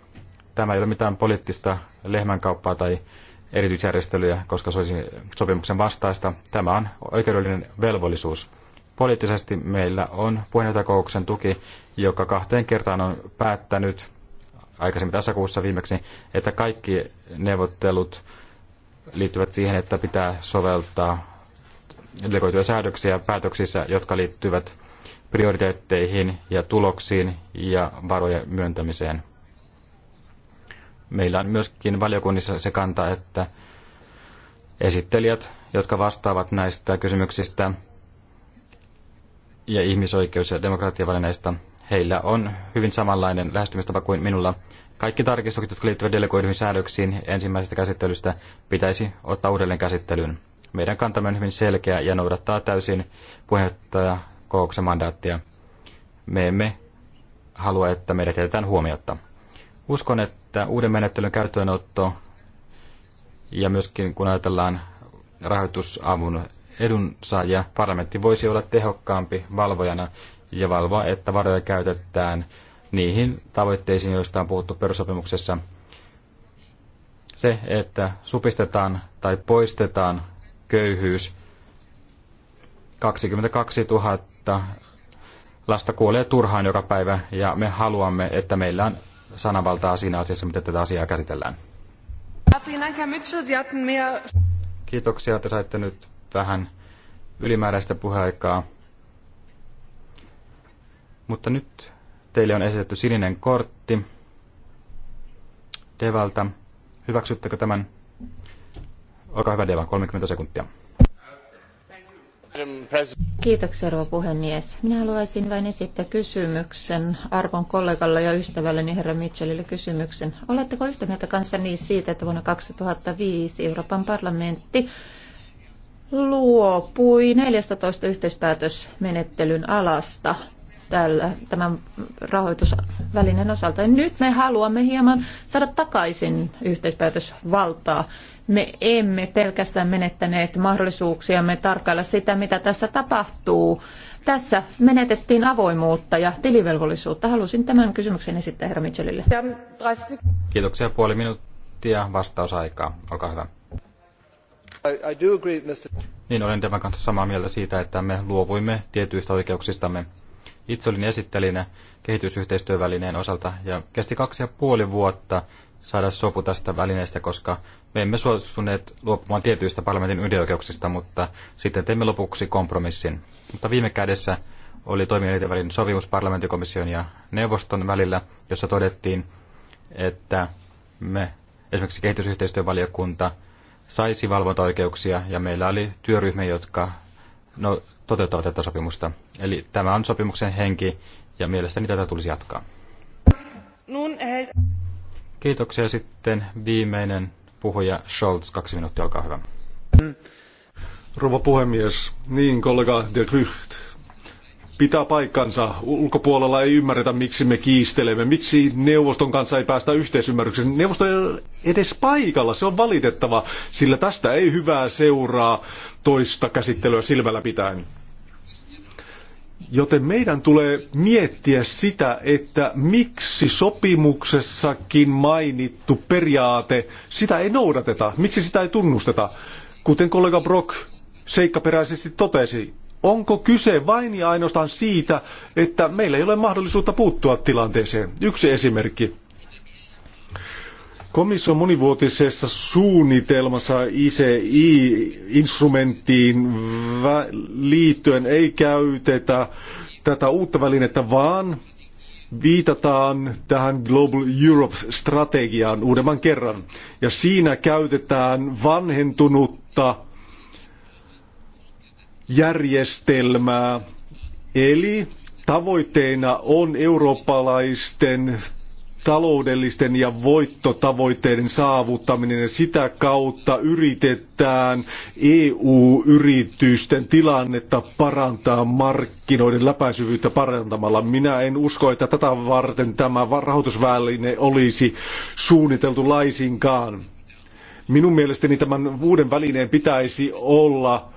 S2: Tämä ei ole mitään poliittista lehmänkauppaa tai erityisjärjestelyjä, koska se olisi sopimuksen vastaista. Tämä on oikeudellinen velvollisuus. Poliittisesti meillä on puheenjohtajakokouksen tuki, joka kahteen kertaan on päättänyt aikaisemmin tässä kuussa viimeksi, että kaikki neuvottelut liittyvät siihen, että pitää soveltaa delegoituja säädöksiä päätöksissä, jotka liittyvät prioriteetteihin ja tuloksiin ja varojen myöntämiseen meillä on myöskin valiokunnissa se kanta, että esittelijät, jotka vastaavat näistä kysymyksistä ja ihmisoikeus- ja demokratiavälineistä, heillä on hyvin samanlainen lähestymistapa kuin minulla. Kaikki tarkistukset, jotka liittyvät delegoiduihin säädöksiin ensimmäisestä käsittelystä, pitäisi ottaa uudelleen käsittelyyn. Meidän kantamme on hyvin selkeä ja noudattaa täysin puheenjohtaja kokouksen mandaattia. Me emme halua, että meidät jätetään huomiotta. Uskon, että että uuden menettelyn käyttöönotto ja myöskin kun ajatellaan rahoitusavun edunsaajia, parlamentti voisi olla tehokkaampi valvojana ja valvoa, että varoja käytetään niihin tavoitteisiin, joista on puhuttu perussopimuksessa. Se, että supistetaan tai poistetaan köyhyys. 22 000 lasta kuolee turhaan joka päivä ja me haluamme, että meillä on sananvaltaa siinä asiassa, miten tätä asiaa käsitellään. Kiitoksia, että saitte nyt vähän ylimääräistä puheaikaa. Mutta nyt teille on esitetty sininen kortti Devalta. Hyväksyttekö tämän? Olkaa hyvä Devan, 30 sekuntia.
S1: Kiitoksia, rouva puhemies. Minä haluaisin vain esittää kysymyksen arvon kollegalle ja ystävälleni herra Mitchellille kysymyksen. Oletteko yhtä mieltä kanssani siitä, että vuonna 2005 Euroopan parlamentti luopui 14 yhteispäätösmenettelyn alasta tällä, tämän rahoitusvälineen osalta. Ja nyt me haluamme hieman saada takaisin yhteispäätösvaltaa me emme pelkästään menettäneet mahdollisuuksiamme tarkkailla sitä, mitä tässä tapahtuu. Tässä menetettiin avoimuutta ja tilivelvollisuutta. Halusin tämän kysymyksen esittää herra Mitchellille.
S2: Kiitoksia puoli minuuttia vastausaikaa. Olkaa hyvä. Niin olen tämän kanssa samaa mieltä siitä, että me luovuimme tietyistä oikeuksistamme. Itse olin esittelinä kehitysyhteistyövälineen osalta ja kesti kaksi ja puoli vuotta saada sopu tästä välineestä, koska me emme suostuneet luopumaan tietyistä parlamentin ydinoikeuksista, mutta sitten teimme lopuksi kompromissin. Mutta viime kädessä oli toimielinten välinen sovimus parlamenttikomission ja neuvoston välillä, jossa todettiin, että me, esimerkiksi kehitysyhteistyövaliokunta, saisi valvontaoikeuksia ja meillä oli työryhmä, jotka no, toteuttavat tätä sopimusta. Eli tämä on sopimuksen henki ja mielestäni tätä tulisi jatkaa.
S1: Nun, eh,
S2: Kiitoksia sitten viimeinen puhuja Scholz, kaksi minuuttia, olkaa hyvä. Rouva puhemies,
S3: niin kollega de Rycht, pitää paikkansa. Ulkopuolella ei ymmärretä, miksi me kiistelemme, miksi neuvoston kanssa ei päästä yhteisymmärrykseen. Neuvosto ei ole edes paikalla, se on valitettava, sillä tästä ei hyvää seuraa toista käsittelyä silmällä pitäen. Joten meidän tulee miettiä sitä, että miksi sopimuksessakin mainittu periaate, sitä ei noudateta, miksi sitä ei tunnusteta. Kuten kollega Brock seikkaperäisesti totesi, onko kyse vain ja ainoastaan siitä, että meillä ei ole mahdollisuutta puuttua tilanteeseen. Yksi esimerkki. Komission monivuotisessa suunnitelmassa ICI-instrumenttiin liittyen ei käytetä tätä uutta välinettä, vaan viitataan tähän Global Europe-strategiaan uudemman kerran. Ja siinä käytetään vanhentunutta järjestelmää, eli tavoitteena on eurooppalaisten taloudellisten ja voittotavoitteiden saavuttaminen ja sitä kautta yritetään EU-yritysten tilannetta parantaa markkinoiden läpäisyvyyttä parantamalla. Minä en usko, että tätä varten tämä rahoitusväline olisi suunniteltu laisinkaan. Minun mielestäni tämän uuden välineen pitäisi olla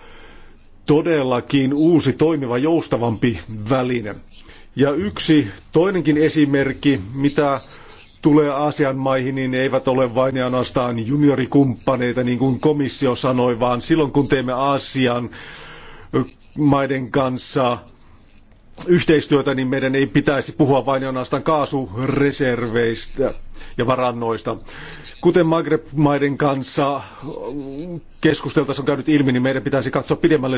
S3: todellakin uusi, toimiva, joustavampi väline. Ja yksi toinenkin esimerkki, mitä tulee Aasian maihin, niin ne eivät ole vain ja ainoastaan juniorikumppaneita, niin kuin komissio sanoi, vaan silloin kun teemme Aasian maiden kanssa yhteistyötä, niin meidän ei pitäisi puhua vain ja ainoastaan kaasureserveistä ja varannoista. Kuten Maghreb-maiden kanssa keskusteltaessa on käynyt ilmi, niin meidän pitäisi katsoa pidemmälle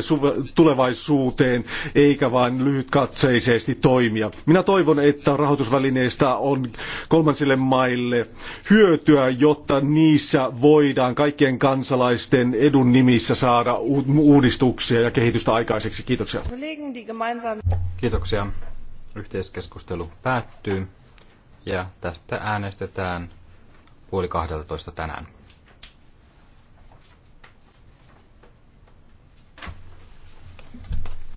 S3: tulevaisuuteen, eikä vain lyhytkatseisesti toimia. Minä toivon, että rahoitusvälineistä on kolmansille maille hyötyä, jotta niissä voidaan kaikkien kansalaisten edun nimissä saada uudistuksia ja
S2: kehitystä aikaiseksi. Kiitoksia. Kiitoksia. Yhteiskeskustelu päättyy ja tästä äänestetään puoli 12 tänään.